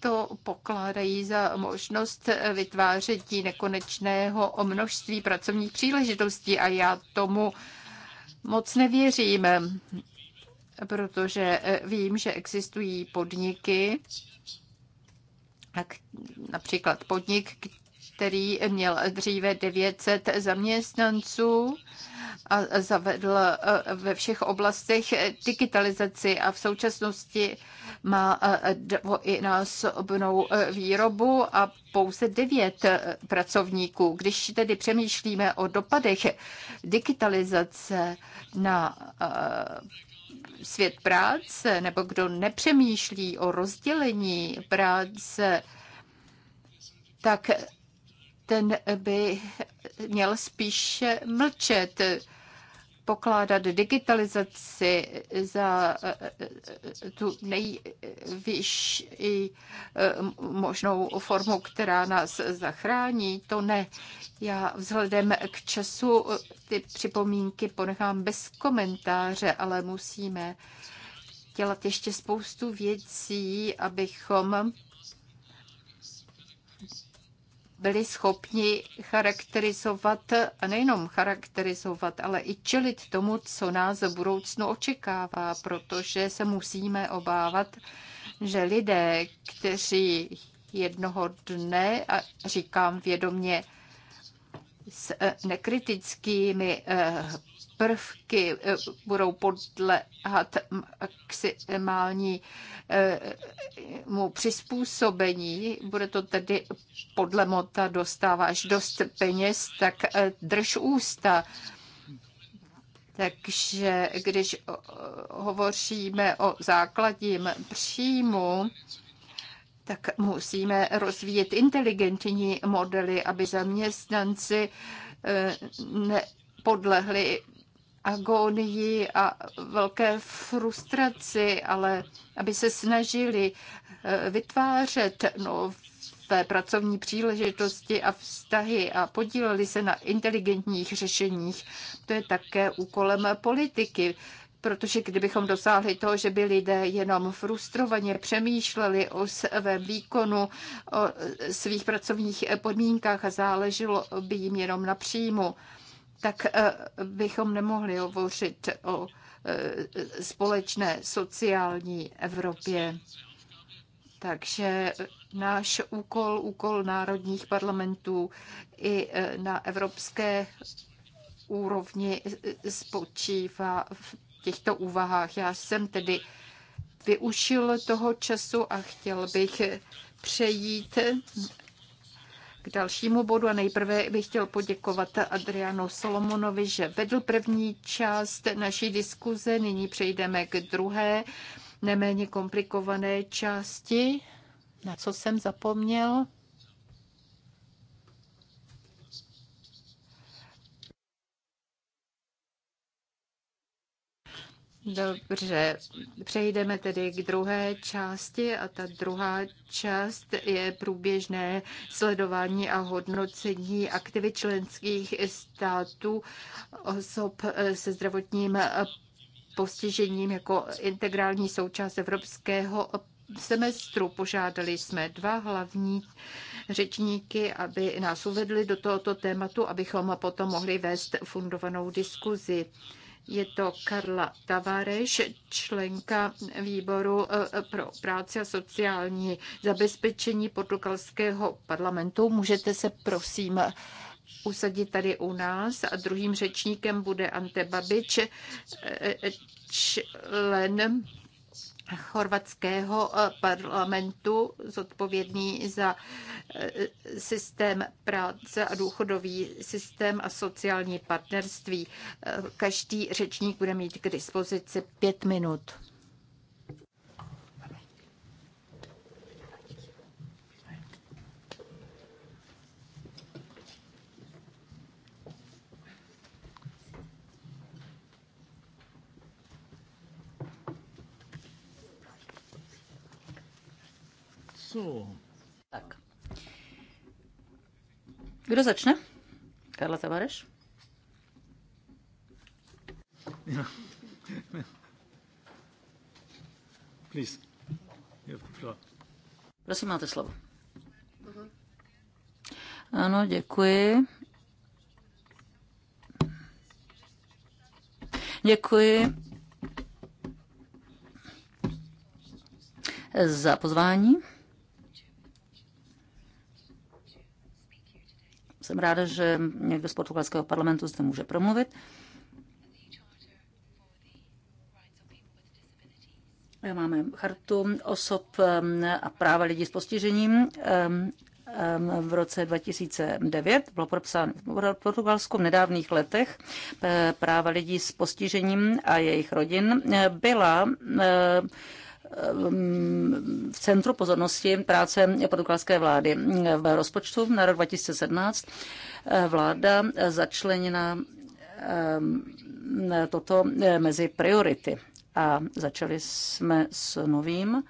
to pokládají za možnost vytváření nekonečného množství pracovních příležitostí a já tomu moc nevěřím, protože eh, vím, že existují podniky, například podnik, který měl dříve 900 zaměstnanců a zavedl eh, ve všech oblastech digitalizaci a v současnosti má eh, dvojnásobnou eh, výrobu a pouze devět pracovníků. Když tedy přemýšlíme o dopadech digitalizace na svět práce, nebo kdo nepřemýšlí o rozdělení práce, tak ten by měl spíše mlčet, pokládat digitalizaci za eh, tu nejvyšší eh, možnou formu, která nás zachrání, to ne. Já vzhledem k času ty připomínky ponechám bez komentáře, ale musíme dělat ještě spoustu věcí, abychom byli schopni charakterizovat, a nejenom charakterizovat, ale i čelit tomu, co nás v budoucnu očekává, protože se musíme obávat, že lidé, kteří jednoho dne, a říkám vědomě, s eh, nekritickými eh, prvky eh, budou podlehat maximálnímu eh, přizpůsobení. Bude to tedy podle mota dostáváš dost peněz, tak eh, drž ústa. Takže když hovoříme o základním příjmu, tak musíme rozvíjet inteligentní modely, aby zaměstnanci nepodlehli agónii a velké frustraci, ale aby se snažili eh, vytvářet nové pracovní příležitosti a vztahy a podíleli se na inteligentních řešeních. To je také úkolem politiky, protože kdybychom dosáhli toho, že by lidé jenom frustrovaně přemýšleli o svém výkonu, o svých pracovních podmínkách a záleželo by jim jenom na příjmu, tak eh, bychom nemohli hovořit o eh, společné sociální Evropě. Takže eh, náš úkol, úkol národních parlamentů i na evropské úrovni spočívá v těchto úvahách. Já jsem tedy využil toho času a chtěl bych přejít k dalšímu bodu a nejprve bych chtěl poděkovat Adrianu Solomonovi, že vedl první část naší diskuze. Nyní přejdeme k druhé, neméně komplikované části. Na co jsem zapomněl? Dobře, přejdeme tedy k druhé části a ta druhá část je průběžné sledování a hodnocení aktivit členských států osob se zdravotním postižením jako integrální součást evropského semestru. Požádali jsme dva hlavní řečníky, aby nás uvedli do tohoto tématu, abychom potom mohli vést fundovanou diskuzi. Je to Karla Tavareš, členka výboru eh, pro práci a sociální zabezpečení portugalského parlamentu. Můžete se prosím usadit tady u nás a druhým řečníkem bude Ante Babič, eh, eh, člen chorvatského eh, parlamentu zodpovědný za eh, systém práce a důchodový systém a sociální partnerství. Eh, každý řečník bude mít k dispozici pět minut. So. Tak. Kdo začne? Karla Tavareš? Prosím, máte slovo. Mhm. Ano, děkuji. Děkuji za pozvání. Jsem ráda, že někdo z portugalského parlamentu zde může promluvit. Máme chartu osob um, a práva lidí s postižením. Um, um, v roce 2009 bylo podepsáno v Portugalsku v nedávných letech práva lidí s postižením a jejich rodin eh, byla eh, v centru pozornosti práce portugalské vlády. V rozpočtu na rok 2017 eh, vláda začleněna eh, toto eh, mezi priority. A začali jsme s novým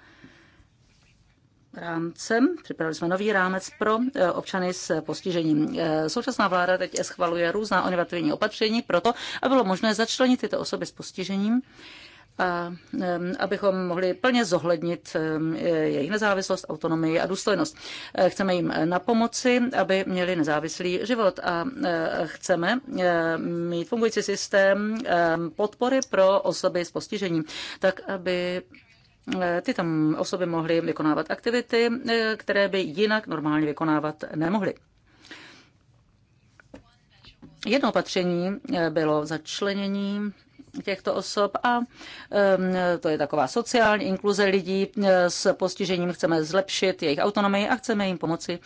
rámcem, připravili jsme nový rámec pro občany s postižením. Současná vláda teď schvaluje různá inovativní opatření pro to, aby bylo možné začlenit tyto osoby s postižením a abychom mohli plně zohlednit jejich nezávislost, autonomii a důstojnost. E, chceme jim e, na pomoci, aby měli nezávislý život a e, chceme mít fungující systém podpory pro osoby s postižením, tak aby ty tam osoby mohly vykonávat aktivity, které by jinak normálně vykonávat nemohly. Jedno opatření bylo začlenění těchto osob a to je taková sociální inkluze lidí s postižením. Chceme zlepšit jejich autonomii a chceme jim pomoci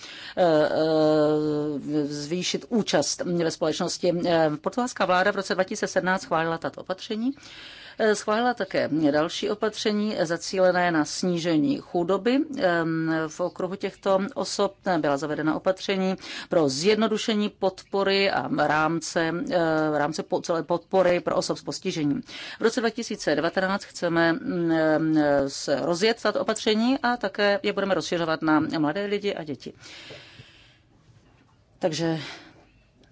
zvýšit účast ve společnosti. Portugalská vláda v roce 2017 schválila tato opatření. Eh, schválila také další opatření zacílené na snížení chudoby. V okruhu těchto osob eh, byla zavedena opatření pro zjednodušení podpory a rámce, eh, rámce celé podpory pro osob s postižením. V roce 2019 chceme mm, rozjet tato opatření a také je budeme rozšiřovat na mladé lidi a děti. Takže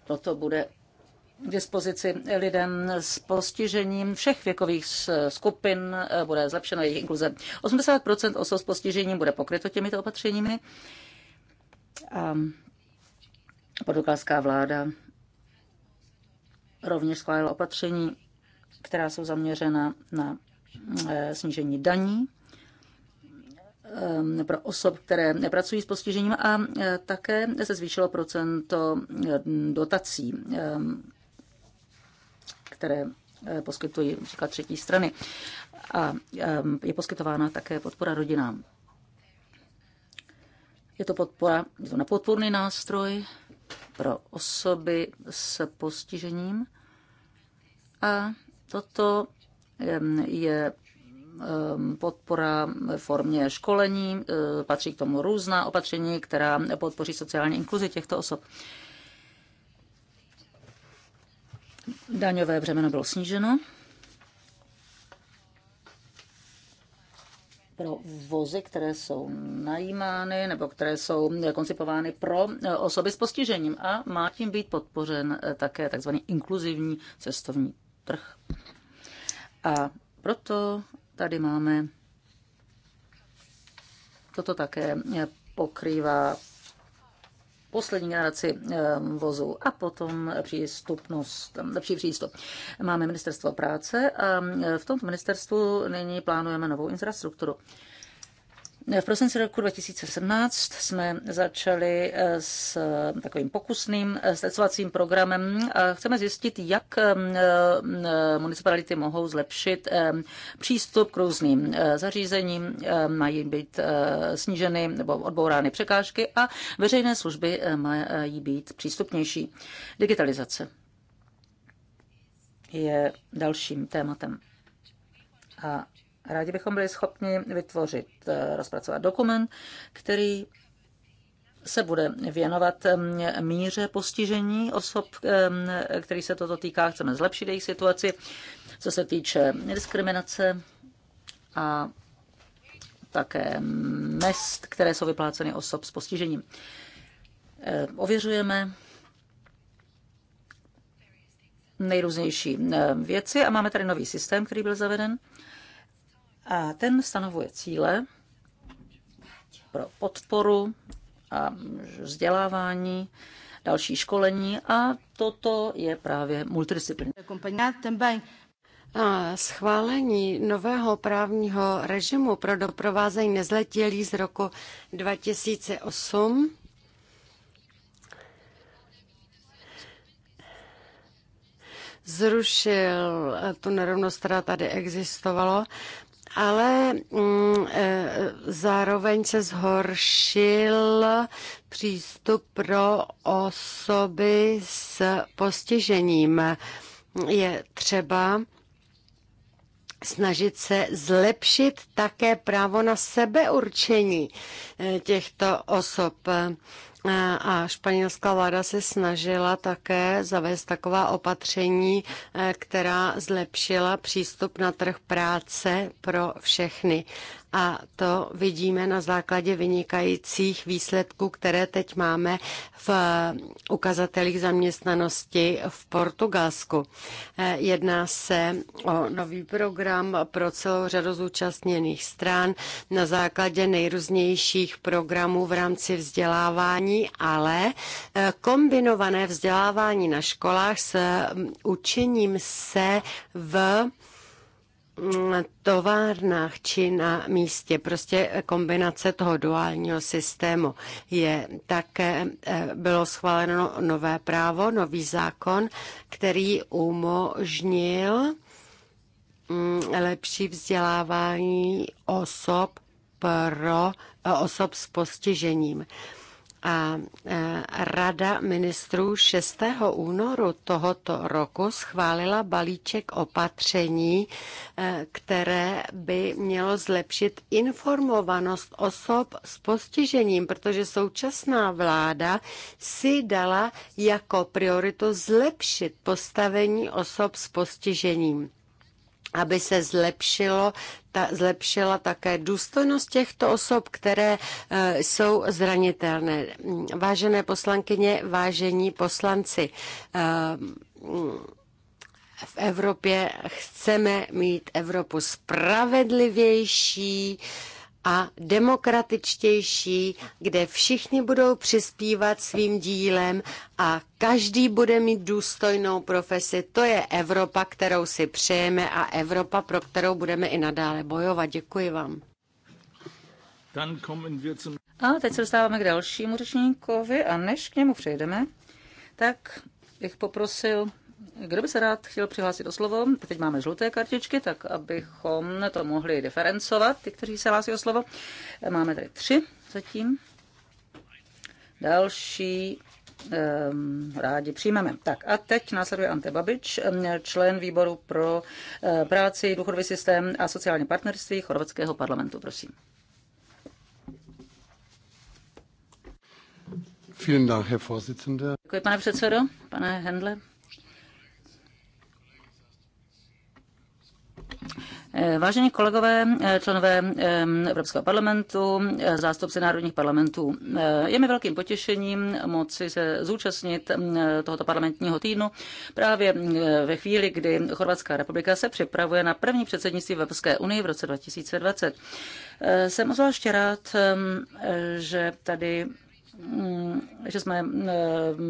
toto bude k dispozici lidem s postižením všech věkových skupin, eh, bude zlepšena jejich inkluze. 80 osob s postižením bude pokryto těmito opatřeními. A ehm, portugalská vláda rovněž schválila opatření, která jsou zaměřena na eh, snížení daní ehm, pro osob, které nepracují s postižením a eh, také se zvýšilo procento dotací ehm, které eh, poskytují například třetí strany. A eh, je poskytována také podpora rodinám. Je to podpora, je to na podporný nástroj pro osoby s postižením. A toto je podpora ve formě školení, eh, patří k tomu různá opatření, která podpoří sociální inkluzi těchto osob. Daňové břemeno bylo sníženo. pro vozy, které jsou najímány nebo které jsou koncipovány pro e, osoby s postižením a má tím být podpořen e, také tzv. inkluzivní cestovní trh. A proto tady máme, toto také e, pokrývá poslední generaci ehm, vozů a potom přístupnost, lepší přístup. Máme ministerstvo práce a ehm, v tomto ministerstvu nyní plánujeme novou infrastrukturu. Eh, v prosinci roku 2017 jsme začali eh, s eh, takovým pokusným sledovacím programem. Chceme zjistit, jak municipality mohou zlepšit přístup k různým zařízením, mají být sníženy nebo odbourány překážky a veřejné služby mají být přístupnější. Digitalizace je dalším tématem. A Rádi bychom byli schopni vytvořit, eh, rozpracovat dokument, který se bude věnovat mm, míře postižení osob, mm, který se toto týká. Chceme zlepšit jejich situaci, co se týče diskriminace a také mest, které jsou vypláceny osob s postižením. Eh, ověřujeme nejrůznější eh, věci a máme tady nový systém, který byl zaveden. A ten stanovuje cíle pro podporu a vzdělávání, další školení a toto je právě multidisciplinární. A schválení nového právního režimu pro doprovázení nezletilých z roku 2008 zrušil tu nerovnost, která tady existovalo ale mm, e, zároveň se zhoršil přístup pro osoby s postižením. Je třeba snažit se zlepšit také právo na sebeurčení e, těchto osob a španělská vláda se snažila také zavést taková opatření, e, která zlepšila přístup na trh práce pro všechny. A to vidíme na základě vynikajících výsledků, které teď máme v ukazatelích zaměstnanosti v Portugalsku. E, jedná se o nový program pro celou řadu zúčastněných stran na základě nejrůznějších programů v rámci vzdělávání, ale e, kombinované vzdělávání na školách s učením se v Mm, továrnách či na místě. Prostě kombinace toho duálního systému je také, eh, bylo schváleno nové právo, nový zákon, který umožnil mm, lepší vzdělávání osob pro eh, osob s postižením. A e, Rada ministrů 6. únoru tohoto roku schválila balíček opatření, e, které by mělo zlepšit informovanost osob s postižením, protože současná vláda si dala jako prioritu zlepšit postavení osob s postižením aby se zlepšilo ta, zlepšila také důstojnost těchto osob, které e, jsou zranitelné. Vážené poslankyně, vážení poslanci, e, v Evropě chceme mít Evropu spravedlivější, e, a demokratičtější, kde všichni budou přispívat svým dílem a každý bude mít důstojnou profesi. To je Evropa, kterou si přejeme a Evropa, pro kterou budeme i nadále bojovat. Děkuji vám. A teď se dostáváme k dalšímu řečníkovi a než k němu přejdeme, tak bych poprosil kdo by se rád chtěl přihlásit o slovo? Teď máme žluté kartičky, tak abychom to mohli diferencovat, ty, kteří se hlásí o slovo. Máme tady tři zatím. Další ehm, rádi přijmeme. Tak a teď následuje Ante Babič, ehm, člen výboru pro eh, práci, důchodový systém a sociální partnerství Chorvatského parlamentu. Prosím. Vielen Dank, Herr Vorsitzender. Děkuji, pane předsedo, pane Hendle. Eh, vážení kolegové, eh, členové eh, Evropského parlamentu, zástupci národních parlamentů, je mi velkým potěšením moci se zúčastnit mm, tohoto parlamentního týdnu právě mm, ve chvíli, kdy Chorvatská republika se připravuje na první předsednictví v Evropské unii v roce 2020. Jsem zvláště rád, že tady mm, že, jsme,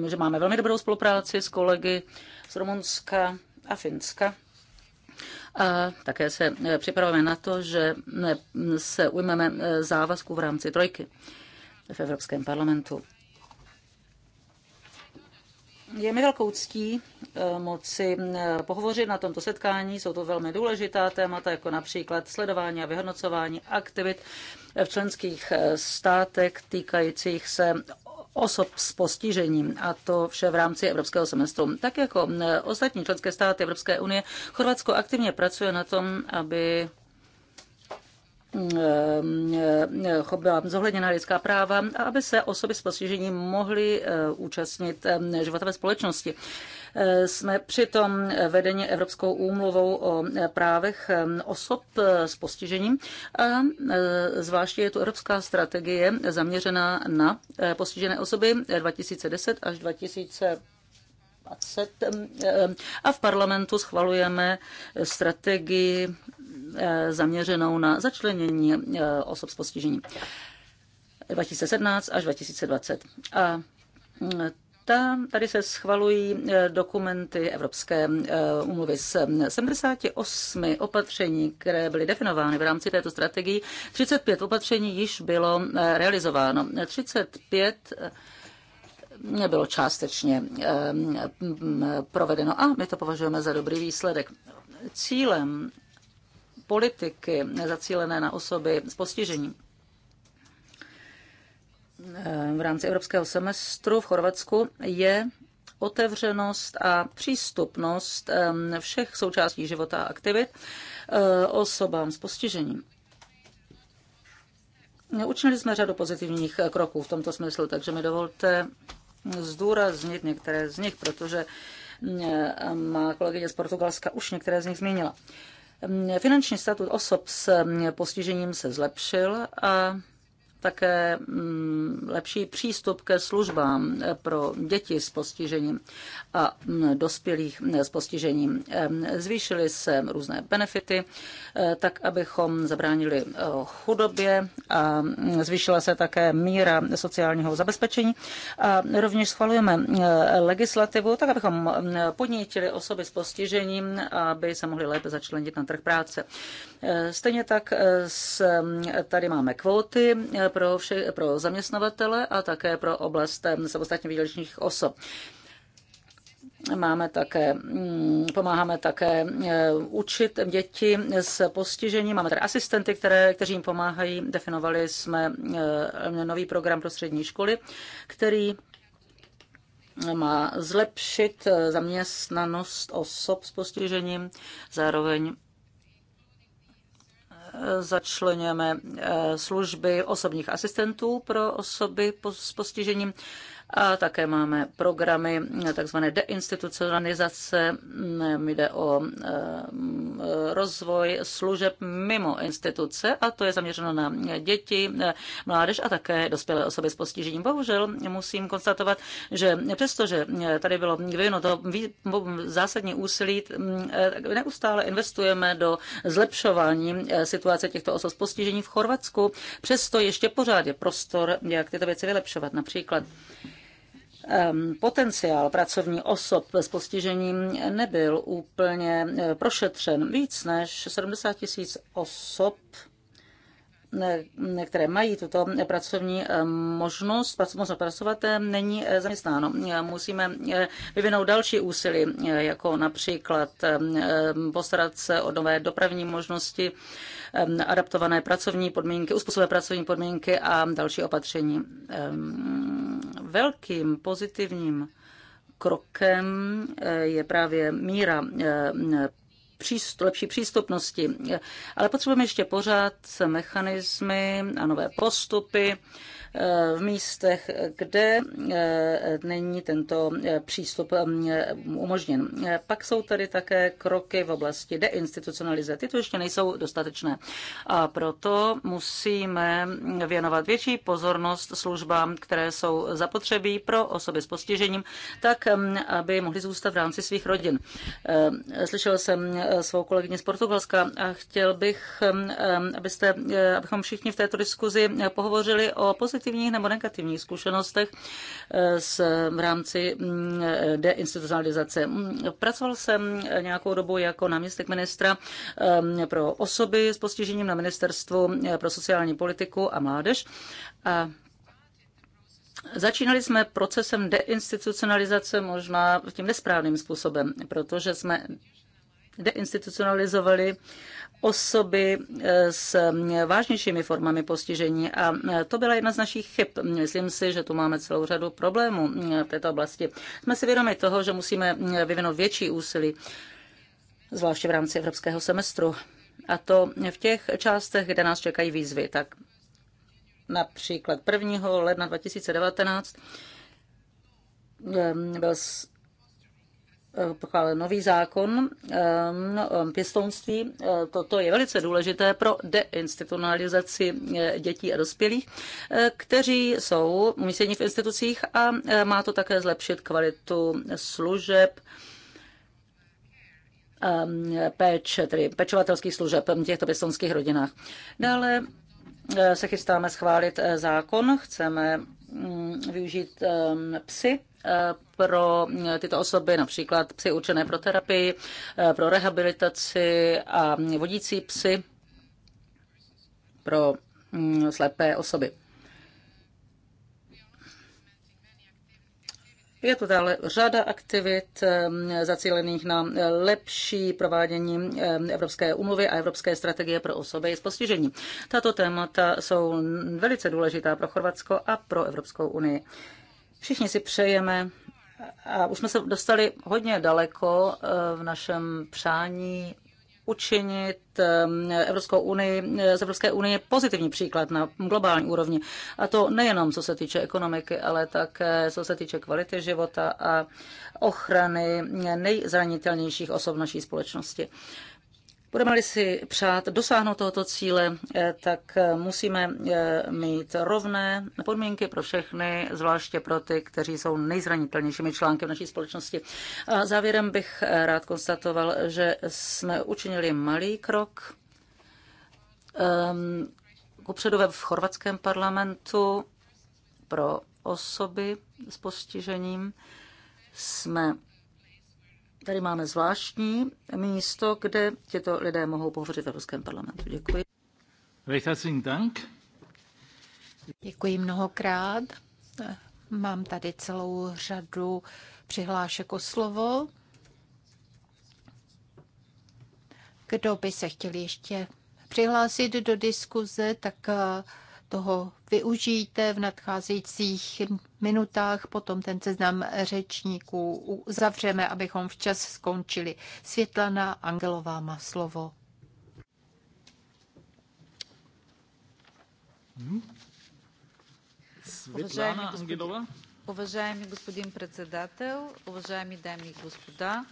že máme velmi dobrou spolupráci s kolegy z Rumunska a Finska a také se e, připravujeme na to, že e, se ujmeme e, závazku v rámci trojky v Evropském parlamentu. Je mi velkou ctí moci pohovořit na tomto setkání. Jsou to velmi důležitá témata, jako například sledování a vyhodnocování aktivit v členských státech týkajících se osob s postižením, a to vše v rámci Evropského semestru. Tak jako ostatní členské státy Evropské unie, Chorvatsko aktivně pracuje na tom, aby byla zohledněna lidská práva a aby se osoby s postižením mohly e, účastnit e, života ve společnosti jsme přitom vedeni Evropskou úmluvou o právech osob s postižením a zvláště je tu Evropská strategie zaměřená na postižené osoby 2010 až 2020 a v parlamentu schvalujeme strategii zaměřenou na začlenění osob s postižením 2017 až 2020. A Tady se schvalují eh, dokumenty Evropské umluvy z 78 opatření, které byly definovány v rámci této strategii. 35 opatření již bylo eh, realizováno. 35 eh, bylo částečně provedeno a my to považujeme za dobrý výsledek. Cílem politiky zacílené na osoby s postižením Eh, v rámci evropského semestru v Chorvatsku je otevřenost a přístupnost všech součástí života a aktivit eh, osobám s postižením. Učinili jsme řadu pozitivních kroků v tomto smyslu, takže mi dovolte zdůraznit některé z nich, protože eh, má kolegyně z Portugalska už některé z nich zmínila. Finanční statut osob s postižením se zlepšil a také mm, lepší přístup ke službám pro děti s postižením a mm, dospělých s postižením. Zvýšily se různé benefity, e, tak abychom zabránili e, chudobě a mm, zvýšila se také míra sociálního zabezpečení. A rovněž schvalujeme e, legislativu, tak abychom podnítili osoby s postižením, aby se mohly lépe začlenit na trh práce. Stejně tak tady máme kvóty pro, vše, pro zaměstnavatele a také pro oblast samostatně výdělečných osob. Máme také, mm, pomáháme také e, učit děti s postižením. Máme tady asistenty, které, kteří jim pomáhají. Definovali jsme e, nový program pro střední školy, který má zlepšit e, zaměstnanost osob s postižením, zároveň začlenujeme eh, služby osobních asistentů pro osoby s postižením. A také máme programy tzv. deinstitucionalizace, jde o rozvoj služeb mimo instituce a to je zaměřeno na děti, e, mládež a také dospělé osoby s postižením. Bohužel musím konstatovat, že přestože tady bylo vyvinuto zásadní úsilí, e, neustále investujeme do zlepšování e, situace těchto osob s postižením v Chorvatsku, přesto ještě pořád je prostor, jak tyto věci vylepšovat. Například potenciál pracovní osob s postižením nebyl úplně eh, prošetřen. Víc než 70 tisíc osob Eh, které mají tuto pracovní eh, možnost, možnost pracovat, eh, není zaměstnáno. Musíme vyvinout další úsilí, jako například postarat se o nové dopravní možnosti, adaptované pracovní podmínky, uspůsobené pracovní podmínky a další opatření. Velkým pozitivním krokem je právě míra přístup, lepší přístupnosti. Ale potřebujeme ještě pořád mechanismy a nové postupy, v místech, kde eh, není tento eh, přístup mm, umožněn. Pak jsou tady také kroky v oblasti deinstitucionalizace. Tyto ještě nejsou dostatečné. A proto musíme věnovat větší pozornost službám, které jsou zapotřebí pro osoby s postižením, tak, mm, aby mohli zůstat v rámci svých rodin. Eh, slyšel jsem svou kolegyni z Portugalska a chtěl bych, mm, abyste, abychom všichni v této diskuzi pohovořili o pozitivních pozitivních nebo negativních zkušenostech eh, s, v rámci mm, deinstitucionalizace. Mm, pracoval jsem nějakou dobu jako náměstek ministra eh, pro osoby s postižením na ministerstvu eh, pro sociální politiku a mládež. A Začínali jsme procesem deinstitucionalizace možná tím nesprávným způsobem, protože jsme deinstitucionalizovali osoby eh, s mm, vážnějšími formami postižení. A eh, to byla jedna z našich chyb. Myslím si, že tu máme celou řadu problémů mm, v této oblasti. Jsme si vědomi toho, že musíme mm, vyvinout větší úsilí, zvláště v rámci evropského semestru. A to v těch částech, kde nás čekají výzvy. Tak například 1. ledna 2019 byl pochválen eh, nový zákon eh, eh, pěstounství. Toto je velice důležité pro deinstitucionalizaci dětí a dospělých, kteří jsou umístěni v institucích a má to také zlepšit kvalitu služeb péče, tedy pečovatelských služeb v těchto pěstounských rodinách. Dále Eh, se chystáme schválit eh, zákon, chceme mm, využít ehm, psy eh, pro tyto osoby, například psy určené pro terapii, pro rehabilitaci a vodící psy pro mm, slepé osoby. Je tu dále řada aktivit zacílených na lepší provádění Evropské umluvy a Evropské strategie pro osoby s postižením. Tato témata jsou velice důležitá pro Chorvatsko a pro Evropskou unii. Všichni si přejeme, a už jsme se dostali hodně daleko eh, v našem přání učinit ehm, Evropskou unii, eh, z Evropské unie pozitivní příklad na globální úrovni. A to nejenom co se týče ekonomiky, ale také co se týče kvality života a ochrany nejzranitelnějších osob naší společnosti. Budeme-li si přát dosáhnout tohoto cíle, eh, tak eh, musíme eh, mít rovné podmínky pro všechny, zvláště pro ty, kteří jsou nejzranitelnějšími články v naší společnosti. A závěrem bych rád konstatoval, že jsme učinili malý krok um, kupředu ve v chorvatském parlamentu pro osoby s postižením. Jsme Tady máme zvláštní místo, kde těto lidé mohou pohovořit v Evropském parlamentu. Děkuji. Děkuji mnohokrát. Mám tady celou řadu přihlášek o slovo. Kdo by se chtěl ještě přihlásit do diskuze, tak toho využijte v nadcházejících minutách, potom ten seznam řečníků uzavřeme, abychom včas skončili. Světlana Angelová má slovo. Светлана Ангелова. Уважаеми господин председател, уважаеми дами и господа,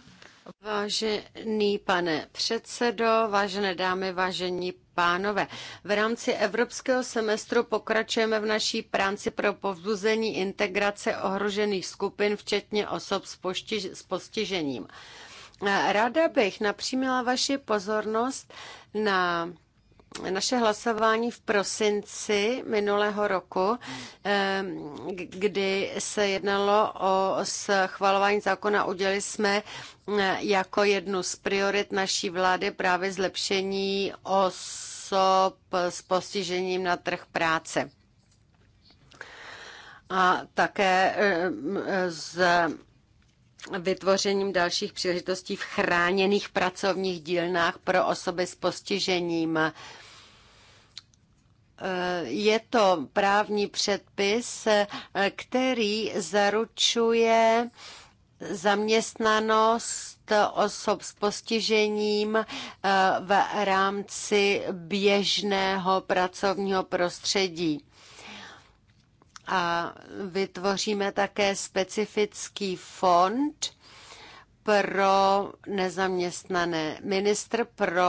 Vážený pane předsedo, vážené dámy, vážení pánové, v rámci evropského semestru pokračujeme v naší práci pro povzbuzení integrace ohrožených skupin, včetně osob s, s postižením. Ráda bych napřímila vaši pozornost na naše hlasování v prosinci minulého roku, kdy se jednalo o schvalování zákona, udělali jsme eh, jako jednu z priorit naší vlády právě zlepšení osob s postižením na trh práce. A také z eh, vytvořením dalších příležitostí v chráněných pracovních dílnách pro osoby s postižením je to právní předpis, který zaručuje zaměstnanost osob s postižením eh, v rámci běžného pracovního prostředí. A vytvoříme také specifický fond pro nezaměstnané. Ministr pro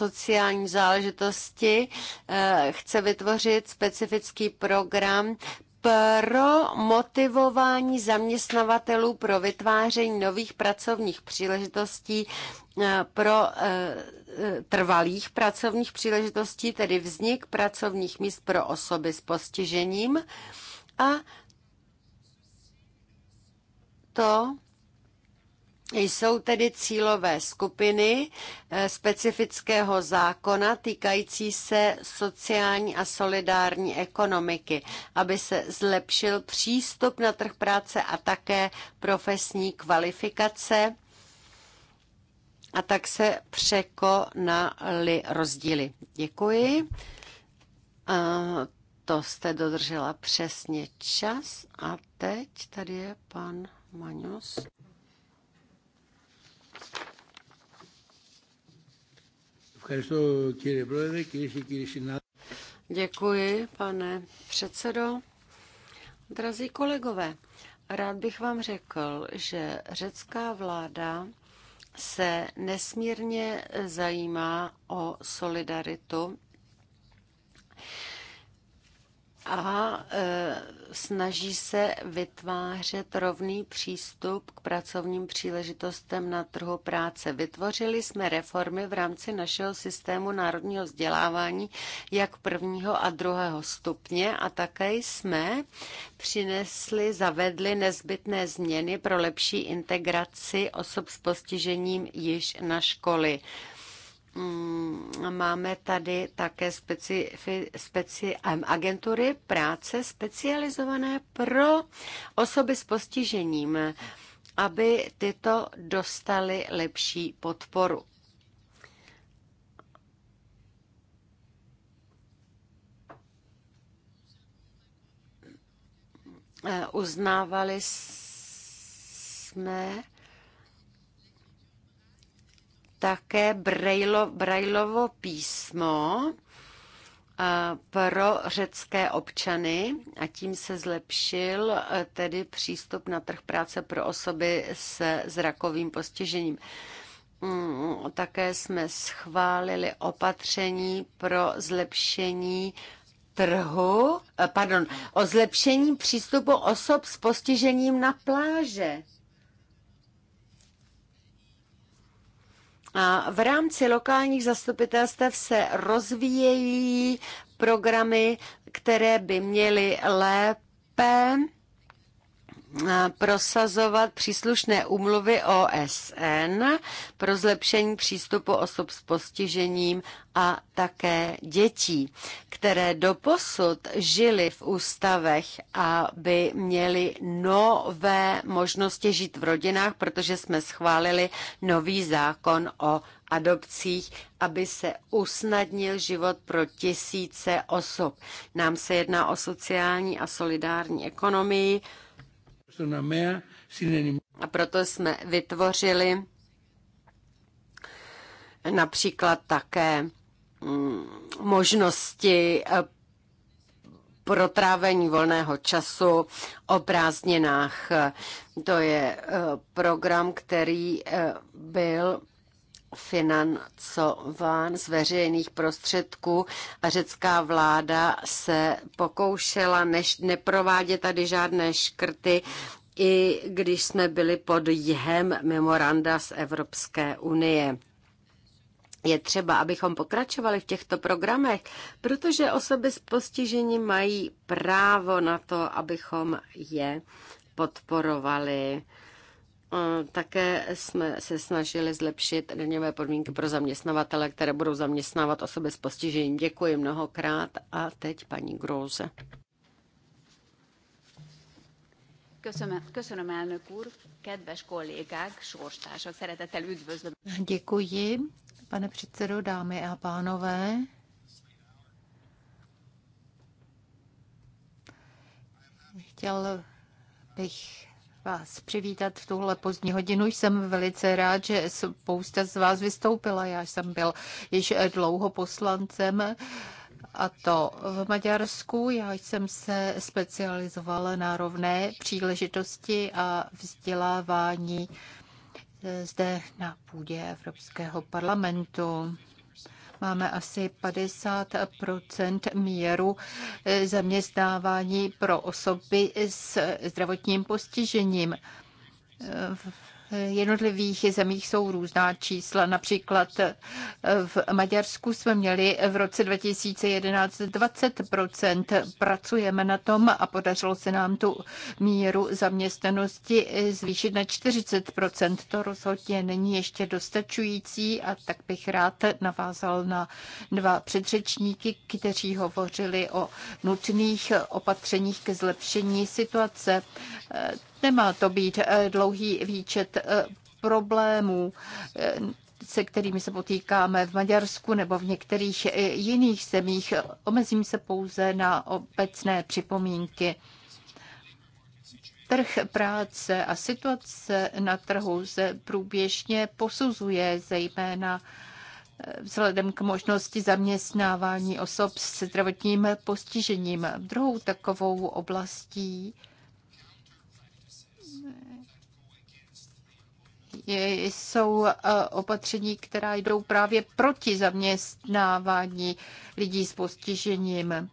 sociální záležitosti eh, chce vytvořit specifický program pro motivování zaměstnavatelů pro vytváření nových pracovních příležitostí eh, pro eh, trvalých pracovních příležitostí, tedy vznik pracovních míst pro osoby s postižením. A to jsou tedy cílové skupiny eh, specifického zákona týkající se sociální a solidární ekonomiky, aby se zlepšil přístup na trh práce a také profesní kvalifikace a tak se překonaly rozdíly. Děkuji. A to jste dodržela přesně čas a teď tady je pan Maňos. Děkuji, pane předsedo. Drazí kolegové, rád bych vám řekl, že řecká vláda se nesmírně zajímá o solidaritu a e, snaží se vytvářet rovný přístup k pracovním příležitostem na trhu práce. Vytvořili jsme reformy v rámci našeho systému národního vzdělávání jak prvního a druhého stupně a také jsme přinesli, zavedli nezbytné změny pro lepší integraci osob s postižením již na školy. E, Mm, máme tady také speci speci, agentury práce specializované pro osoby s postižením, aby tyto dostaly lepší podporu. Eh, uznávali jsme také Brailo, Brailovo písmo pro řecké občany a tím se zlepšil tedy přístup na trh práce pro osoby se zrakovým postižením. Mm, také jsme schválili opatření pro zlepšení trhu, pardon, o zlepšení přístupu osob s postižením na pláže. A v rámci lokálních zastupitelstev se rozvíjejí programy, které by měly lépe prosazovat příslušné úmluvy OSN pro zlepšení přístupu osob s postižením a také dětí, které doposud žili v ústavech, aby měli nové možnosti žít v rodinách, protože jsme schválili nový zákon o adopcích, aby se usnadnil život pro tisíce osob. Nám se jedná o sociální a solidární ekonomii, a proto jsme vytvořili například také mm, možnosti eh, pro trávení volného času o prázdninách. To je eh, program, který eh, byl financován z veřejných prostředků a řecká vláda se pokoušela než, neprovádět tady žádné škrty, i když jsme byli pod jihem memoranda z Evropské unie. Je třeba, abychom pokračovali v těchto programech, protože osoby s postižením mají právo na to, abychom je podporovali také jsme se snažili zlepšit daňové podmínky pro zaměstnavatele, které budou zaměstnávat osoby s postižením. Děkuji mnohokrát a teď paní Gróze. Děkuji, pane předsedo, dámy a pánové. Chtěl bych vás přivítat v tuhle pozdní hodinu. Jsem velice rád, že spousta z vás vystoupila. Já jsem byl již dlouho poslancem a to v Maďarsku. Já jsem se specializoval na rovné příležitosti a vzdělávání eh, zde na půdě Evropského parlamentu. Máme asi 50 míru zaměstnávání pro osoby s zdravotním postižením jednotlivých zemích jsou různá čísla. Například v Maďarsku jsme měli v roce 2011 20 Pracujeme na tom a podařilo se nám tu míru zaměstnanosti zvýšit na 40 To rozhodně není ještě dostačující a tak bych rád navázal na dva předřečníky, kteří hovořili o nutných opatřeních ke zlepšení situace. Nemá to být eh, dlouhý výčet eh, problémů, eh, se kterými se potýkáme v Maďarsku nebo v některých jiných zemích. Omezím se pouze na obecné připomínky. Trh práce a situace na trhu se průběžně posuzuje, zejména vzhledem k možnosti zaměstnávání osob se zdravotním postižením. Druhou takovou oblastí jsou eh, opatření, která jdou právě proti zaměstnávání lidí s postižením.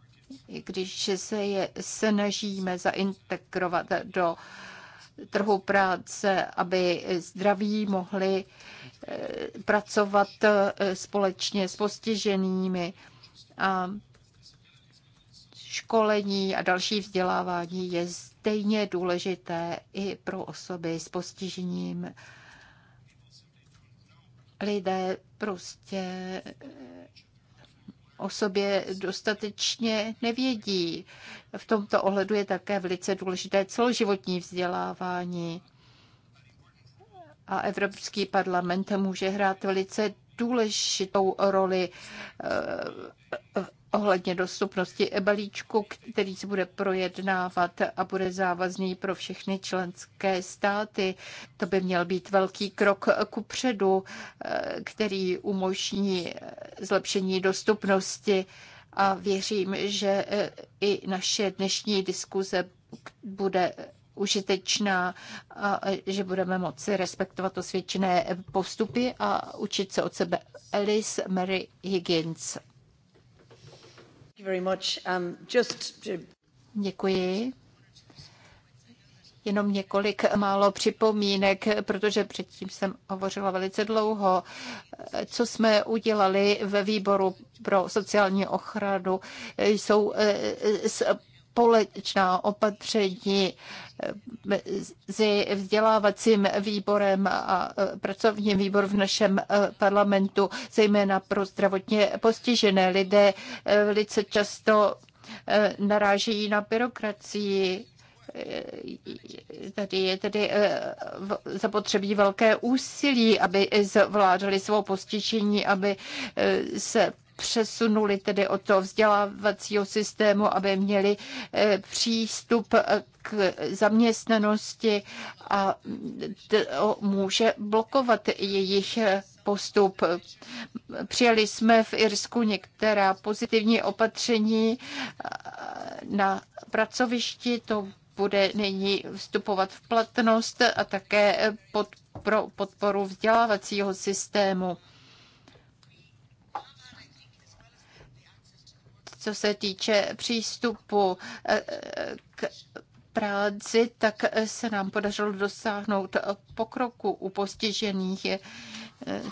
Když se je snažíme zaintegrovat do trhu práce, aby zdraví mohli eh, pracovat eh, společně s postiženými. A školení a další vzdělávání je stejně důležité i pro osoby s postižením lidé prostě eh, o sobě dostatečně nevědí. V tomto ohledu je také velice důležité celoživotní vzdělávání. A Evropský parlament může hrát velice důležitou roli eh, ohledně dostupnosti balíčku, který se bude projednávat a bude závazný pro všechny členské státy. To by měl být velký krok ku předu, eh, který umožní eh, zlepšení dostupnosti a věřím, že eh, i naše dnešní diskuze bude užitečná, a že budeme moci respektovat osvědčené postupy a učit se od sebe. Alice Mary Higgins. Um, Děkuji. Jenom několik málo připomínek, protože předtím jsem hovořila velice dlouho. Co jsme udělali ve výboru pro sociální ochranu, jsou eh, společná opatření eh, mezi vzdělávacím výborem a pracovním výborem v našem eh, parlamentu, zejména pro zdravotně postižené lidé, eh, velice často narážejí na byrokracii, tady je tedy zapotřebí velké úsilí, aby zvládali svou postižení, aby se přesunuli tedy od toho vzdělávacího systému, aby měli eh, přístup eh, k zaměstnanosti a to může blokovat jejich eh, postup. Přijali jsme v Irsku některá pozitivní opatření na pracovišti, to bude nyní vstupovat v platnost a také pod, pro podporu vzdělávacího systému. co se týče přístupu eh, k práci, tak se nám podařilo dosáhnout pokroku u postižených. Eh,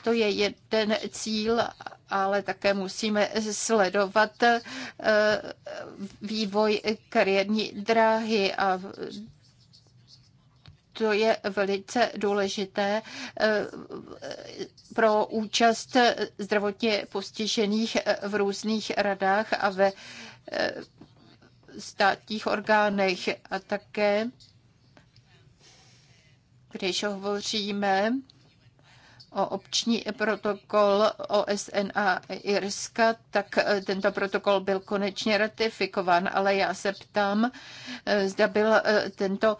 to je jeden cíl, ale také musíme sledovat eh, vývoj kariérní dráhy a to je velice důležité eh, pro účast zdravotně postižených eh, v různých radách a ve eh, státních orgánech a také, když hovoříme o obční protokol OSN a Irska, tak tento protokol byl konečně ratifikován, ale já se ptám, zda byl tento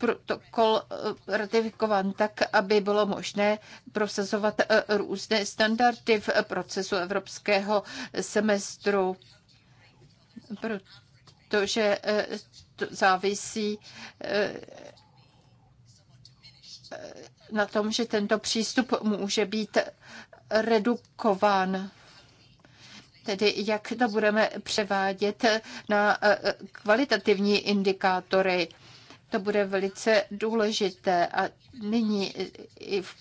protokol eh, ratifikovan tak, aby bylo možné prosazovat eh, různé standardy v procesu evropského semestru, protože eh, to závisí na tom, že tento přístup může být redukován tedy jak to budeme převádět na kvalitativní indikátory. To bude velice důležité. A nyní i v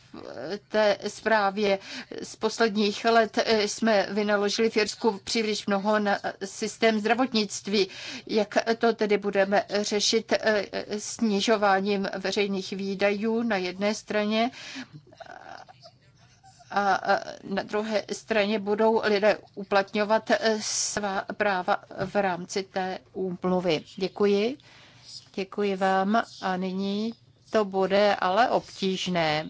té zprávě z posledních let jsme vynaložili v Jirsku příliš mnoho na systém zdravotnictví. Jak to tedy budeme řešit eh, snižováním veřejných výdajů na jedné straně a na druhé straně budou lidé uplatňovat eh, svá práva v rámci té úmluvy. Děkuji. Děkuji vám a nyní to bude ale obtížné.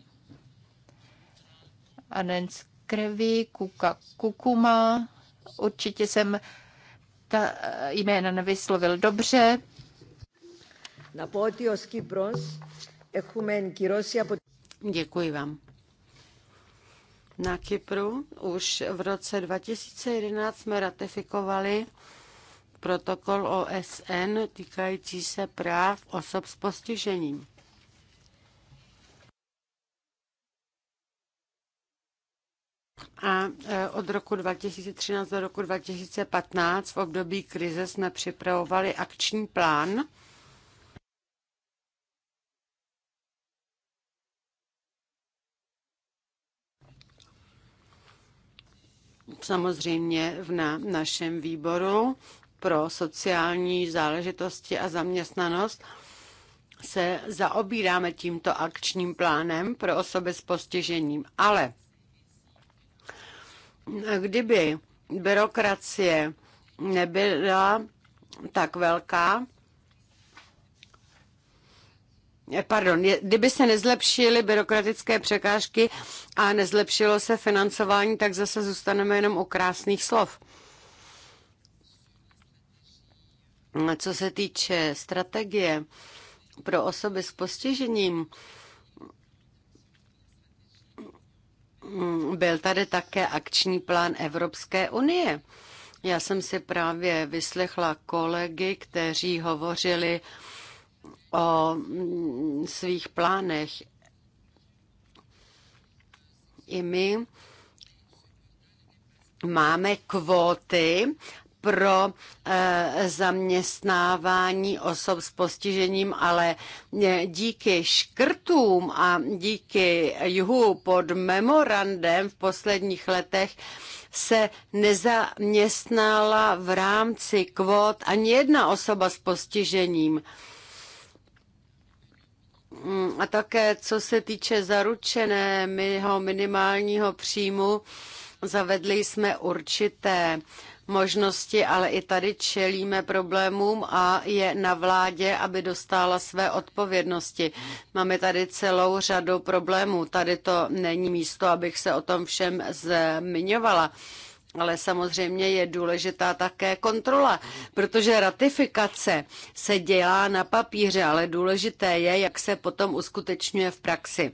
z Krevi, Kuka Kukuma, určitě jsem ta jména nevyslovil dobře. Na poti os Kypros, echumen Kyrosia... Děkuji vám. Na Kypru už v roce 2011 jsme ratifikovali protokol OSN týkající se práv osob s postižením. A e, od roku 2013 do roku 2015 v období krize jsme připravovali akční plán, samozřejmě v na našem výboru pro sociální záležitosti a zaměstnanost se zaobíráme tímto akčním plánem pro osoby s postižením. Ale kdyby byrokracie nebyla tak velká, pardon, kdyby se nezlepšily byrokratické překážky a nezlepšilo se financování, tak zase zůstaneme jenom u krásných slov. Co se týče strategie pro osoby s postižením, byl tady také akční plán Evropské unie. Já jsem si právě vyslechla kolegy, kteří hovořili o svých plánech. I my máme kvóty pro eh, zaměstnávání osob s postižením, ale eh, díky škrtům a díky juhu pod memorandem v posledních letech se nezaměstnala v rámci kvót ani jedna osoba s postižením. Mm, a také, co se týče zaručeného minimálního příjmu, zavedli jsme určité možnosti, ale i tady čelíme problémům a je na vládě, aby dostala své odpovědnosti. Máme tady celou řadu problémů. Tady to není místo, abych se o tom všem zmiňovala. Ale samozřejmě je důležitá také kontrola, protože ratifikace se dělá na papíře, ale důležité je, jak se potom uskutečňuje v praxi.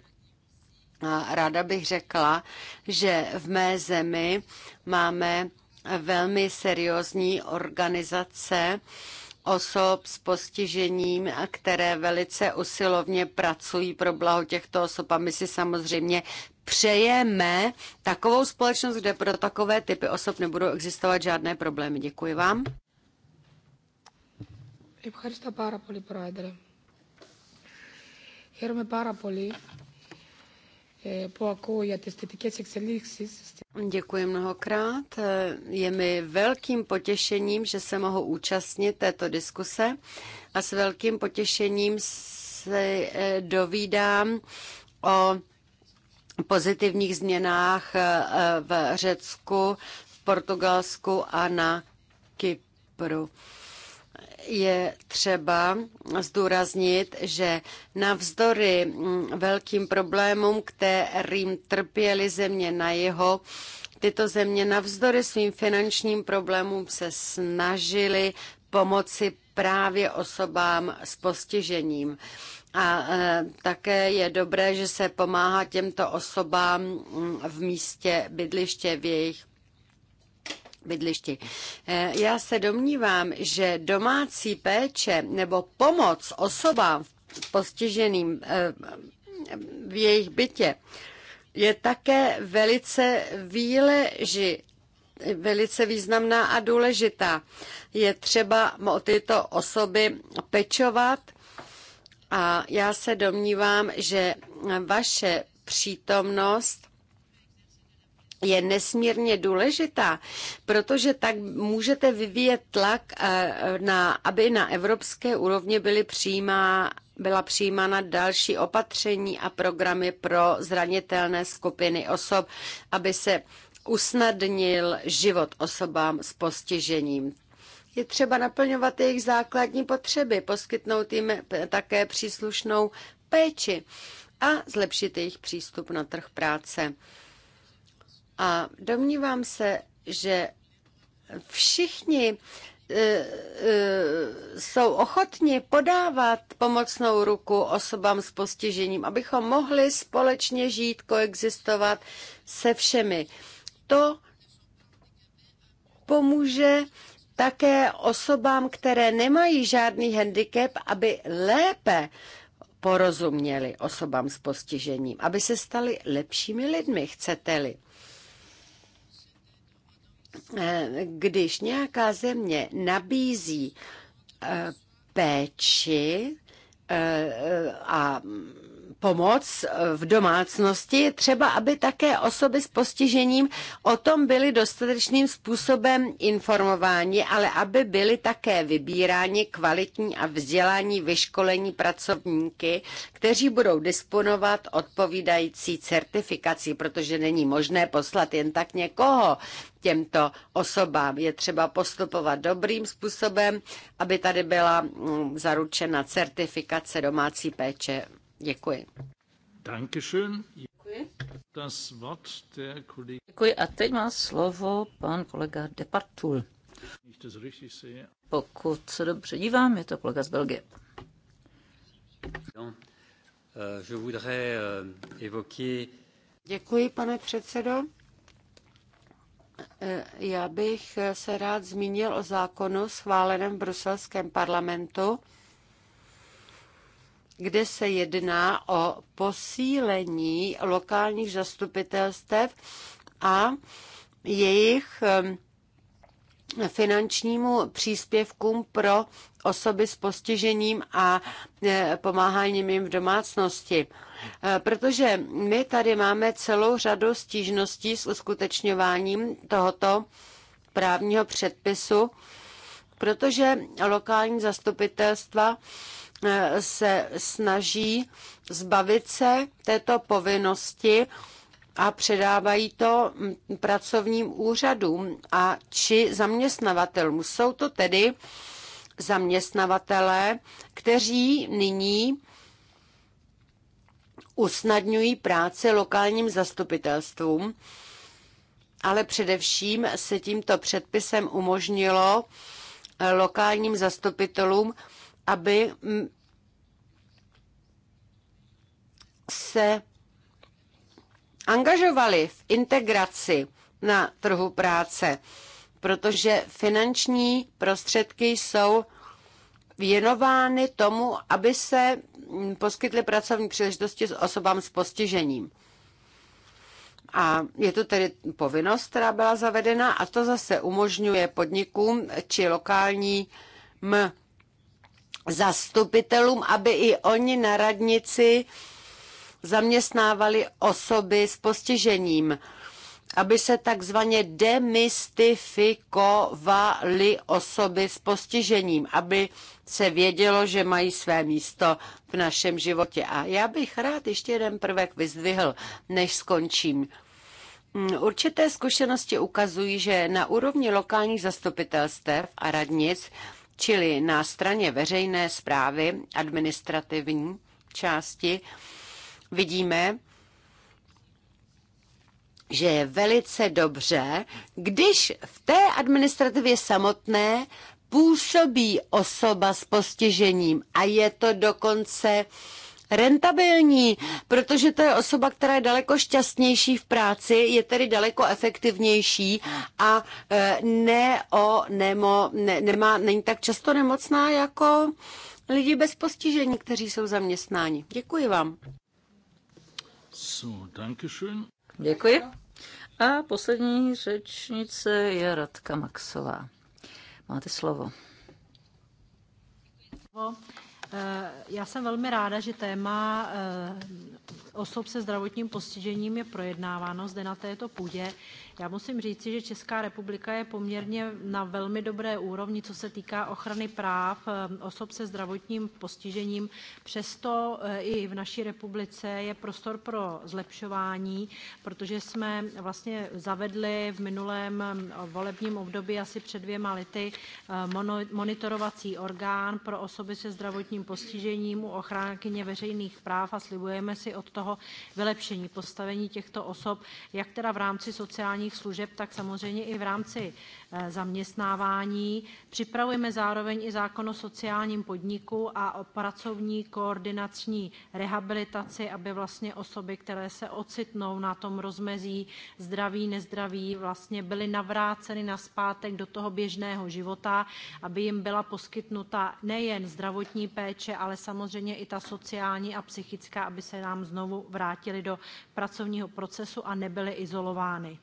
A ráda bych řekla, že v mé zemi máme velmi seriózní organizace osob s postižením, které velice usilovně pracují pro blaho těchto osob. A my si samozřejmě přejeme takovou společnost, kde pro takové typy osob nebudou existovat žádné problémy. Děkuji vám. Ευχαριστώ πάρα πολύ, Πρόεδρε. Χαίρομαι πάρα πολύ Děkuji mnohokrát. Je mi velkým potěšením, že se mohu účastnit této diskuse a s velkým potěšením se eh, dovídám o pozitivních změnách eh, v Řecku, v Portugalsku a na Kypru je třeba zdůraznit, že navzdory mm, velkým problémům, kterým trpěly země na jeho, tyto země navzdory svým finančním problémům se snažily pomoci právě osobám s postižením. A e, také je dobré, že se pomáhá těmto osobám mm, v místě bydliště v jejich bydlišti. Eh, já se domnívám, že domácí péče nebo pomoc osobám postiženým eh, v jejich bytě je také velice výleži, velice významná a důležitá. Je třeba o tyto osoby pečovat a já se domnívám, že vaše přítomnost je nesmírně důležitá, protože tak můžete vyvíjet tlak, eh, na, aby na evropské úrovni byly přijímá, byla přijímána další opatření a programy pro zranitelné skupiny osob, aby se usnadnil život osobám s postižením. Je třeba naplňovat jejich základní potřeby, poskytnout jim také příslušnou péči a zlepšit jejich přístup na trh práce. A domnívám se, že všichni e, e, jsou ochotni podávat pomocnou ruku osobám s postižením, abychom mohli společně žít, koexistovat se všemi. To pomůže také osobám, které nemají žádný handicap, aby lépe porozuměli osobám s postižením, aby se stali lepšími lidmi, chcete-li když nějaká země nabízí eh, péči eh, eh, a pomoc v domácnosti, třeba aby také osoby s postižením o tom byly dostatečným způsobem informováni, ale aby byly také vybíráni kvalitní a vzdělání vyškolení pracovníky, kteří budou disponovat odpovídající certifikací, protože není možné poslat jen tak někoho těmto osobám. Je třeba postupovat dobrým způsobem, aby tady byla mm, zaručena certifikace domácí péče Děkuji. Dankeschön. Děkuji. Děkuji a teď má slovo pan kolega Departul. Pokud se dobře dívám, je to kolega z Belgie. Euh, euh, Děkuji, pane předsedo. Eh, já bych se rád zmínil o zákonu schváleném v bruselském parlamentu, kde se jedná o posílení lokálních zastupitelstev a jejich finančnímu příspěvkům pro osoby s postižením a e, pomáháním jim v domácnosti. E, protože my tady máme celou řadu stížností s uskutečňováním tohoto právního předpisu, protože lokální zastupitelstva Eh, se snaží zbavit se této povinnosti a předávají to mm, pracovním úřadům a či zaměstnavatelům. Jsou to tedy zaměstnavatelé, kteří nyní usnadňují práci lokálním zastupitelstvům, ale především se tímto předpisem umožnilo lokálním zastupitelům aby se angažovali v integraci na trhu práce, protože finanční prostředky jsou věnovány tomu, aby se poskytly pracovní příležitosti s osobám s postižením. A je to tedy povinnost, která byla zavedena a to zase umožňuje podnikům či lokálním zastupitelům, aby i oni na radnici zaměstnávali osoby s postižením, aby se takzvaně demystifikovaly osoby s postižením, aby se vědělo, že mají své místo v našem životě. A já bych rád ještě jeden prvek vyzdvihl, než skončím. Hmm, určité zkušenosti ukazují, že na úrovni lokálních zastupitelstev a radnic Čili na straně veřejné zprávy, administrativní části, vidíme, že je velice dobře, když v té administrativě samotné působí osoba s postižením a je to dokonce rentabilní, protože to je osoba, která je daleko šťastnější v práci, je tedy daleko efektivnější a e, ne o, nemo, ne, nemá, není tak často nemocná jako lidi bez postižení, kteří jsou zaměstnáni. Děkuji vám. So, schön. Děkuji. A poslední řečnice je Radka Maxová. Máte slovo. Eh, já jsem velmi ráda, že téma eh, osob se zdravotním postižením je projednáváno zde na této půdě. Já musím říci, že Česká republika je poměrně na velmi dobré úrovni, co se týká ochrany práv eh, osob se zdravotním postižením. Přesto eh, i v naší republice je prostor pro zlepšování, protože jsme vlastně zavedli v minulém eh, volebním období asi před dvěma lety monitorovací orgán pro osoby se zdravotním postižením u ochránkyně veřejných práv a slibujeme si od toho vylepšení postavení těchto osob, jak teda v rámci sociální sociálních služeb, tak samozřejmě i v rámci eh, zaměstnávání. Připravujeme zároveň i zákon o sociálním podniku a o pracovní koordinační rehabilitaci, aby vlastně osoby, které se ocitnou na tom rozmezí zdraví, nezdraví, vlastně byly navráceny na zpátek do toho běžného života, aby jim byla poskytnuta nejen zdravotní péče, ale samozřejmě i ta sociální a psychická, aby se nám znovu vrátili do pracovního procesu a nebyly izolovány.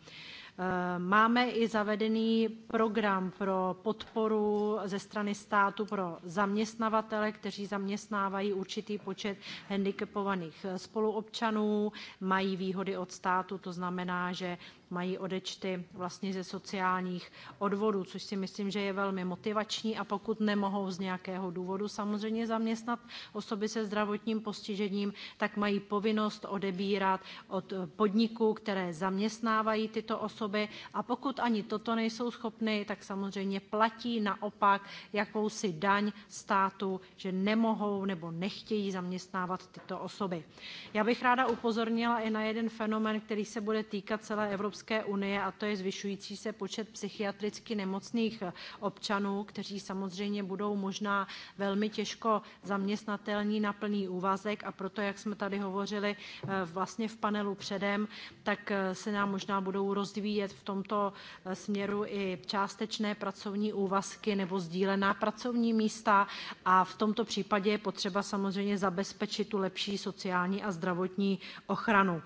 Eh, máme i zavedený program pro podporu ze strany státu pro zaměstnavatele, kteří zaměstnávají určitý počet handicapovaných eh, spoluobčanů, mají výhody od státu, to znamená, že mají odečty vlastně ze sociálních odvodů, což si myslím, že je velmi motivační a pokud nemohou z nějakého důvodu samozřejmě zaměstnat osoby se zdravotním postižením, tak mají povinnost odebírat od podniků, které zaměstnávají tyto osoby a pokud ani toto nejsou schopny, tak samozřejmě platí naopak jakousi daň státu, že nemohou nebo nechtějí zaměstnávat tyto osoby. Já bych ráda upozornila i na jeden fenomen, který se bude týkat celé Evropské Evropské unie, a to je zvyšující se počet psychiatricky nemocných eh, občanů, kteří samozřejmě budou možná velmi těžko zaměstnatelní na plný úvazek a proto, jak jsme tady hovořili eh, vlastně v panelu předem, tak eh, se nám možná budou rozvíjet v tomto směru i částečné pracovní úvazky nebo sdílená pracovní místa a v tomto případě je potřeba samozřejmě zabezpečit tu lepší sociální a zdravotní ochranu.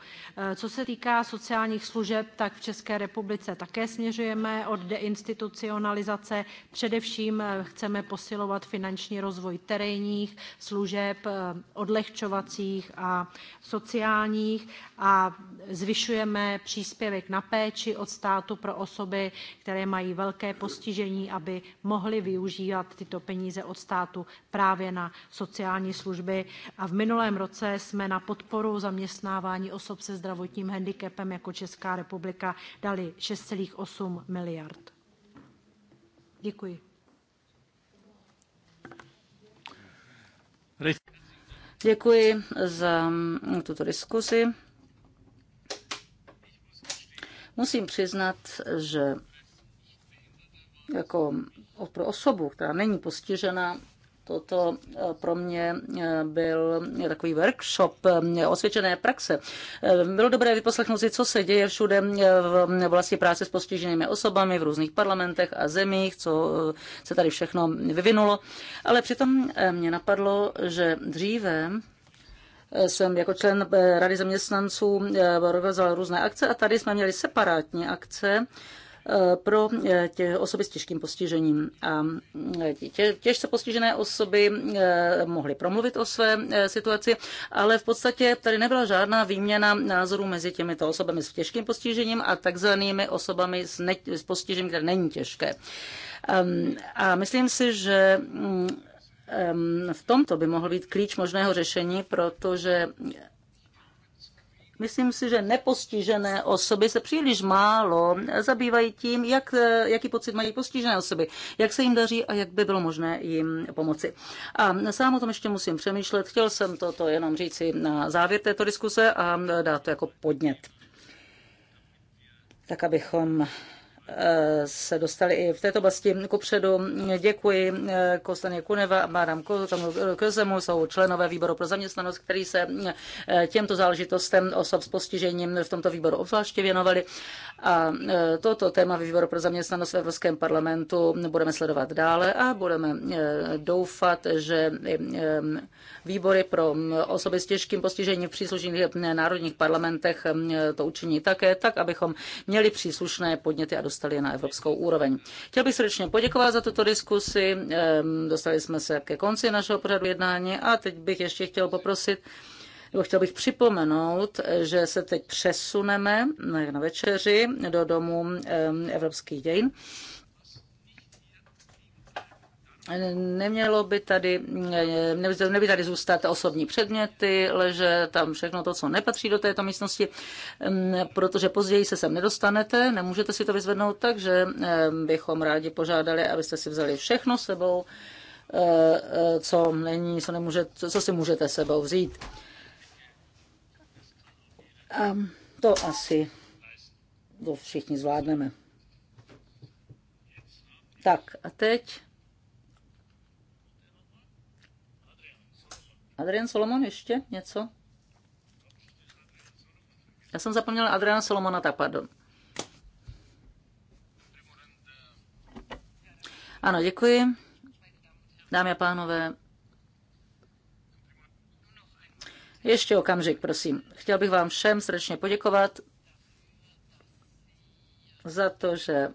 Co se týká sociálních služeb, tak tak v České republice také směřujeme od deinstitucionalizace. Především eh, chceme posilovat finanční rozvoj terénních služeb, eh, odlehčovacích a sociálních a zvyšujeme příspěvek na péči od státu pro osoby, které mají velké postižení, aby mohly využívat tyto peníze od státu právě na sociální služby. A v minulém roce jsme na podporu zaměstnávání osob se zdravotním handicapem jako Česká republika člověka dali 6,8 miliard. Děkuji. Děkuji za tuto diskusi. Musím přiznat, že jako pro osobu, která není postižena Toto eh, pro mě eh, byl takový workshop eh, osvědčené praxe. Bylo dobré vyposlechnout si, co se děje všude v vlastní práci s postiženými osobami v různých parlamentech a zemích, co se tady všechno vyvinulo. Ale přitom mě napadlo, že dříve jsem jako člen Rady zaměstnanců organizoval různé akce a tady jsme měli separátní akce, Eh, pro eh, tě, osoby s těžkým postižením. A eh, tě, těžce postižené osoby mohly promluvit o své situaci, ale v podstatě tady nebyla žádná výměna názorů mezi těmito osobami s těžkým postižením a takzvanými osobami s, ne, s postižením, které není těžké. A myslím si, že mm, v tomto by mohl být klíč možného řešení, protože Myslím si, že nepostižené osoby se příliš málo zabývají tím, jak, jaký pocit mají postižené osoby, jak se jim daří a jak by bylo možné jim pomoci. A sám o tom ještě musím přemýšlet. Chtěl jsem toto jenom říci na závěr této diskuse a dát to jako podnět tak abychom se dostali i v této oblasti kupředu. Děkuji eh, Kostaně Kuneva a Máram Kozemu, jsou členové výboru pro zaměstnanost, který se eh, těmto záležitostem osob s postižením v tomto výboru obzvláště věnovali. A eh, toto téma výboru pro zaměstnanost v Evropském parlamentu budeme sledovat dále a budeme doufat, že výbory pro mm, osoby s těžkým postižením v příslušných národních parlamentech mm, to učiní také, tak abychom měli příslušné podněty a dostatek dostali na evropskou úroveň. Chtěl bych srdečně poděkovat za tuto diskusi. Dostali jsme se ke konci našeho pořadu jednání a teď bych ještě chtěl poprosit, nebo chtěl bych připomenout, že se teď přesuneme na večeři do domu Evropských dějin. Nemělo by tady, nemělo by tady zůstat osobní předměty, leže tam všechno to, co nepatří do této místnosti, mm, protože později se sem nedostanete, nemůžete si to vyzvednout, takže mm, bychom rádi požádali, abyste si vzali všechno sebou, eh, eh, co není, co, nemůže, co si můžete sebou vzít. A to asi to všichni zvládneme. Tak a teď Adrian Solomon ještě něco? Já jsem zapomněla Adriana Solomona, tak pardon. Ano, děkuji. Dámy a pánové, ještě okamžik, prosím. Chtěl bych vám všem srdečně poděkovat za to, že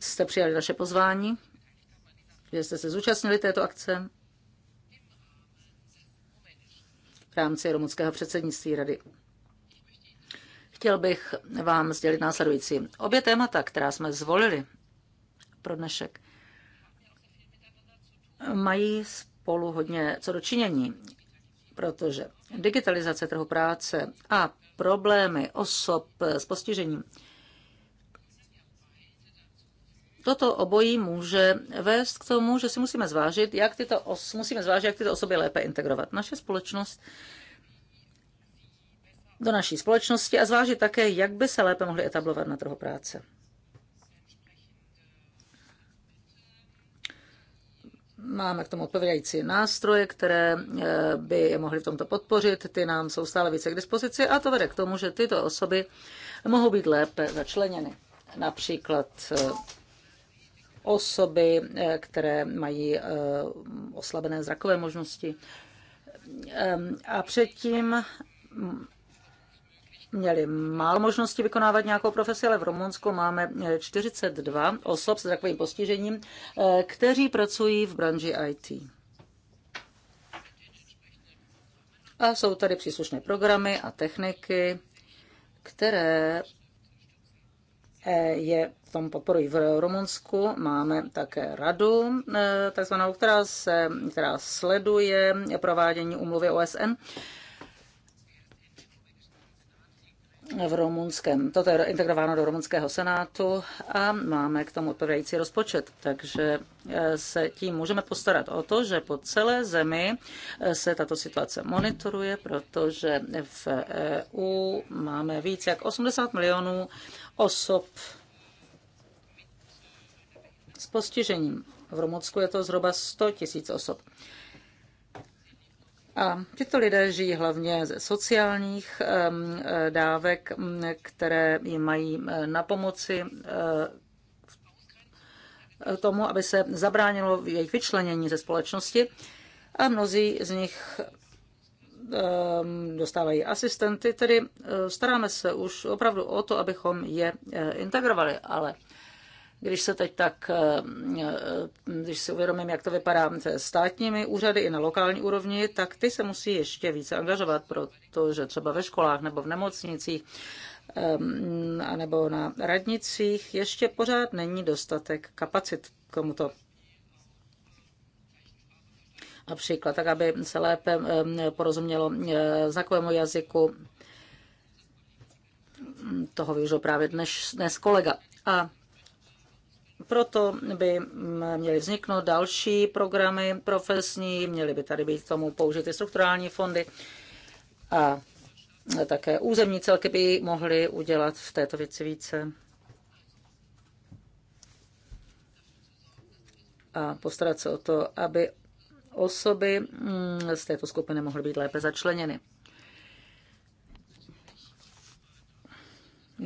jste přijali naše pozvání, že jste se zúčastnili této akce. v rámci rumunského předsednictví rady. Chtěl bych vám sdělit následující. Obě témata, která jsme zvolili pro dnešek, mají spolu hodně co dočinění, protože digitalizace trhu práce a problémy osob s postižením Toto obojí může vést k tomu, že si musíme zvážit, jak tyto, os, musíme zvážit, jak tyto osoby lépe integrovat. Naše společnost do naší společnosti a zvážit také, jak by se lépe mohly etablovat na trhu práce. Máme k tomu odpovědající nástroje, které eh, by je mohly v tomto podpořit. Ty nám jsou stále více k dispozici a to vede k tomu, že tyto osoby mohou být lépe začleněny. Například eh, osoby, eh, které mají eh, oslabené zrakové možnosti. A předtím měli málo možnosti vykonávat nějakou profesi, ale v Rumunsku máme 42 eh, osob s takovým postižením, kteří pracují v branži IT. A jsou tady příslušné programy a techniky, které Eh, je v tom podporují v Rumunsku. Máme také radu, eh, takzvanou, která, se, která sleduje provádění umluvy OSN v rumunském. Toto je integrováno do rumunského senátu a máme k tomu odpovědající rozpočet. Takže eh, se tím můžeme postarat o to, že po celé zemi eh, se tato situace monitoruje, protože v EU máme víc jak 80 milionů osob s postižením. V Rumunsku je to zhruba 100 tisíc osob. A tyto lidé žijí hlavně ze sociálních eh, dávek, které jim mají eh, na pomoci eh, tomu, aby se zabránilo jejich vyčlenění ze společnosti. A mnozí z nich dostávají asistenty, tedy staráme se už opravdu o to, abychom je integrovali, ale když se teď tak, eh, eh, když si uvědomím, jak to vypadá se státními úřady i na lokální úrovni, tak ty se musí ještě více angažovat, protože třeba ve školách nebo v nemocnicích ehm, nebo na radnicích ještě pořád není dostatek kapacit k tomuto například, tak aby se lépe ehm, porozumělo eh, znakovému jazyku. Toho využil právě dnes, dnes kolega. A proto by měly vzniknout další programy profesní, měly by tady být k tomu použity strukturální fondy a také územní celky by mohly udělat v této věci více. A postarat se o to, aby osoby z této skupiny mohly být lépe začleněny.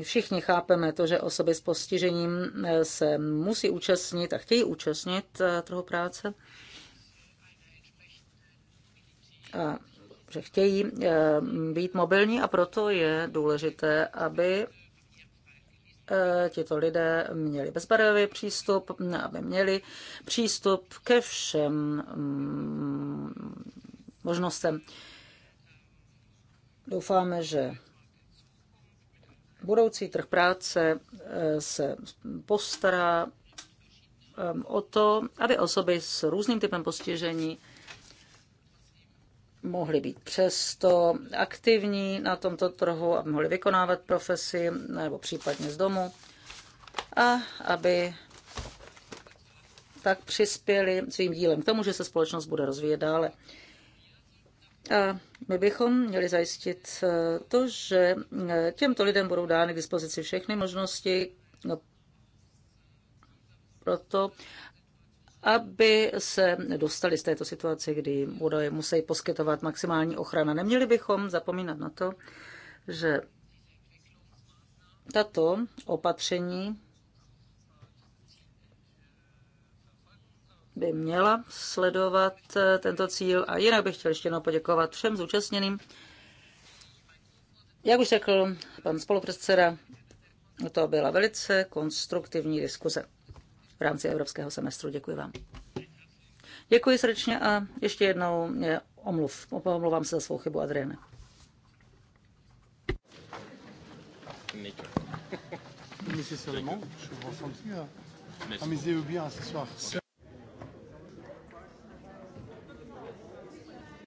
Všichni chápeme to, že osoby s postižením eh, se musí účastnit a chtějí účastnit eh, trhu práce. A že chtějí eh, být mobilní a proto je důležité, aby tito lidé měli bezbarevý přístup, aby měli přístup ke všem mm, možnostem. Doufáme, že budoucí trh práce eh, se postará ehm, o to, aby osoby s různým typem postižení mohly být přesto aktivní na tomto trhu, aby mohly vykonávat profesi nebo případně z domu a aby tak přispěli svým dílem k tomu, že se společnost bude rozvíjet dále. A my bychom měli zajistit eh, to, že eh, těmto lidem budou dány k dispozici všechny možnosti no, pro to, aby se dostali z této situace, kdy budou musí poskytovat maximální ochrana. Neměli bychom zapomínat na to, že tato opatření by měla sledovat eh, tento cíl a jinak bych chtěl ještě jednou poděkovat všem zúčastněným. Jak už řekl pan spolupředseda, to byla velice konstruktivní diskuze v rámci evropského semestru. Děkuji vám. Děkuji srdečně a ještě jednou mě eh, omluv. Omluvám se za svou chybu, Adriane. Monsieur je vous ressentir. Amusez-vous ah, bien ce soir.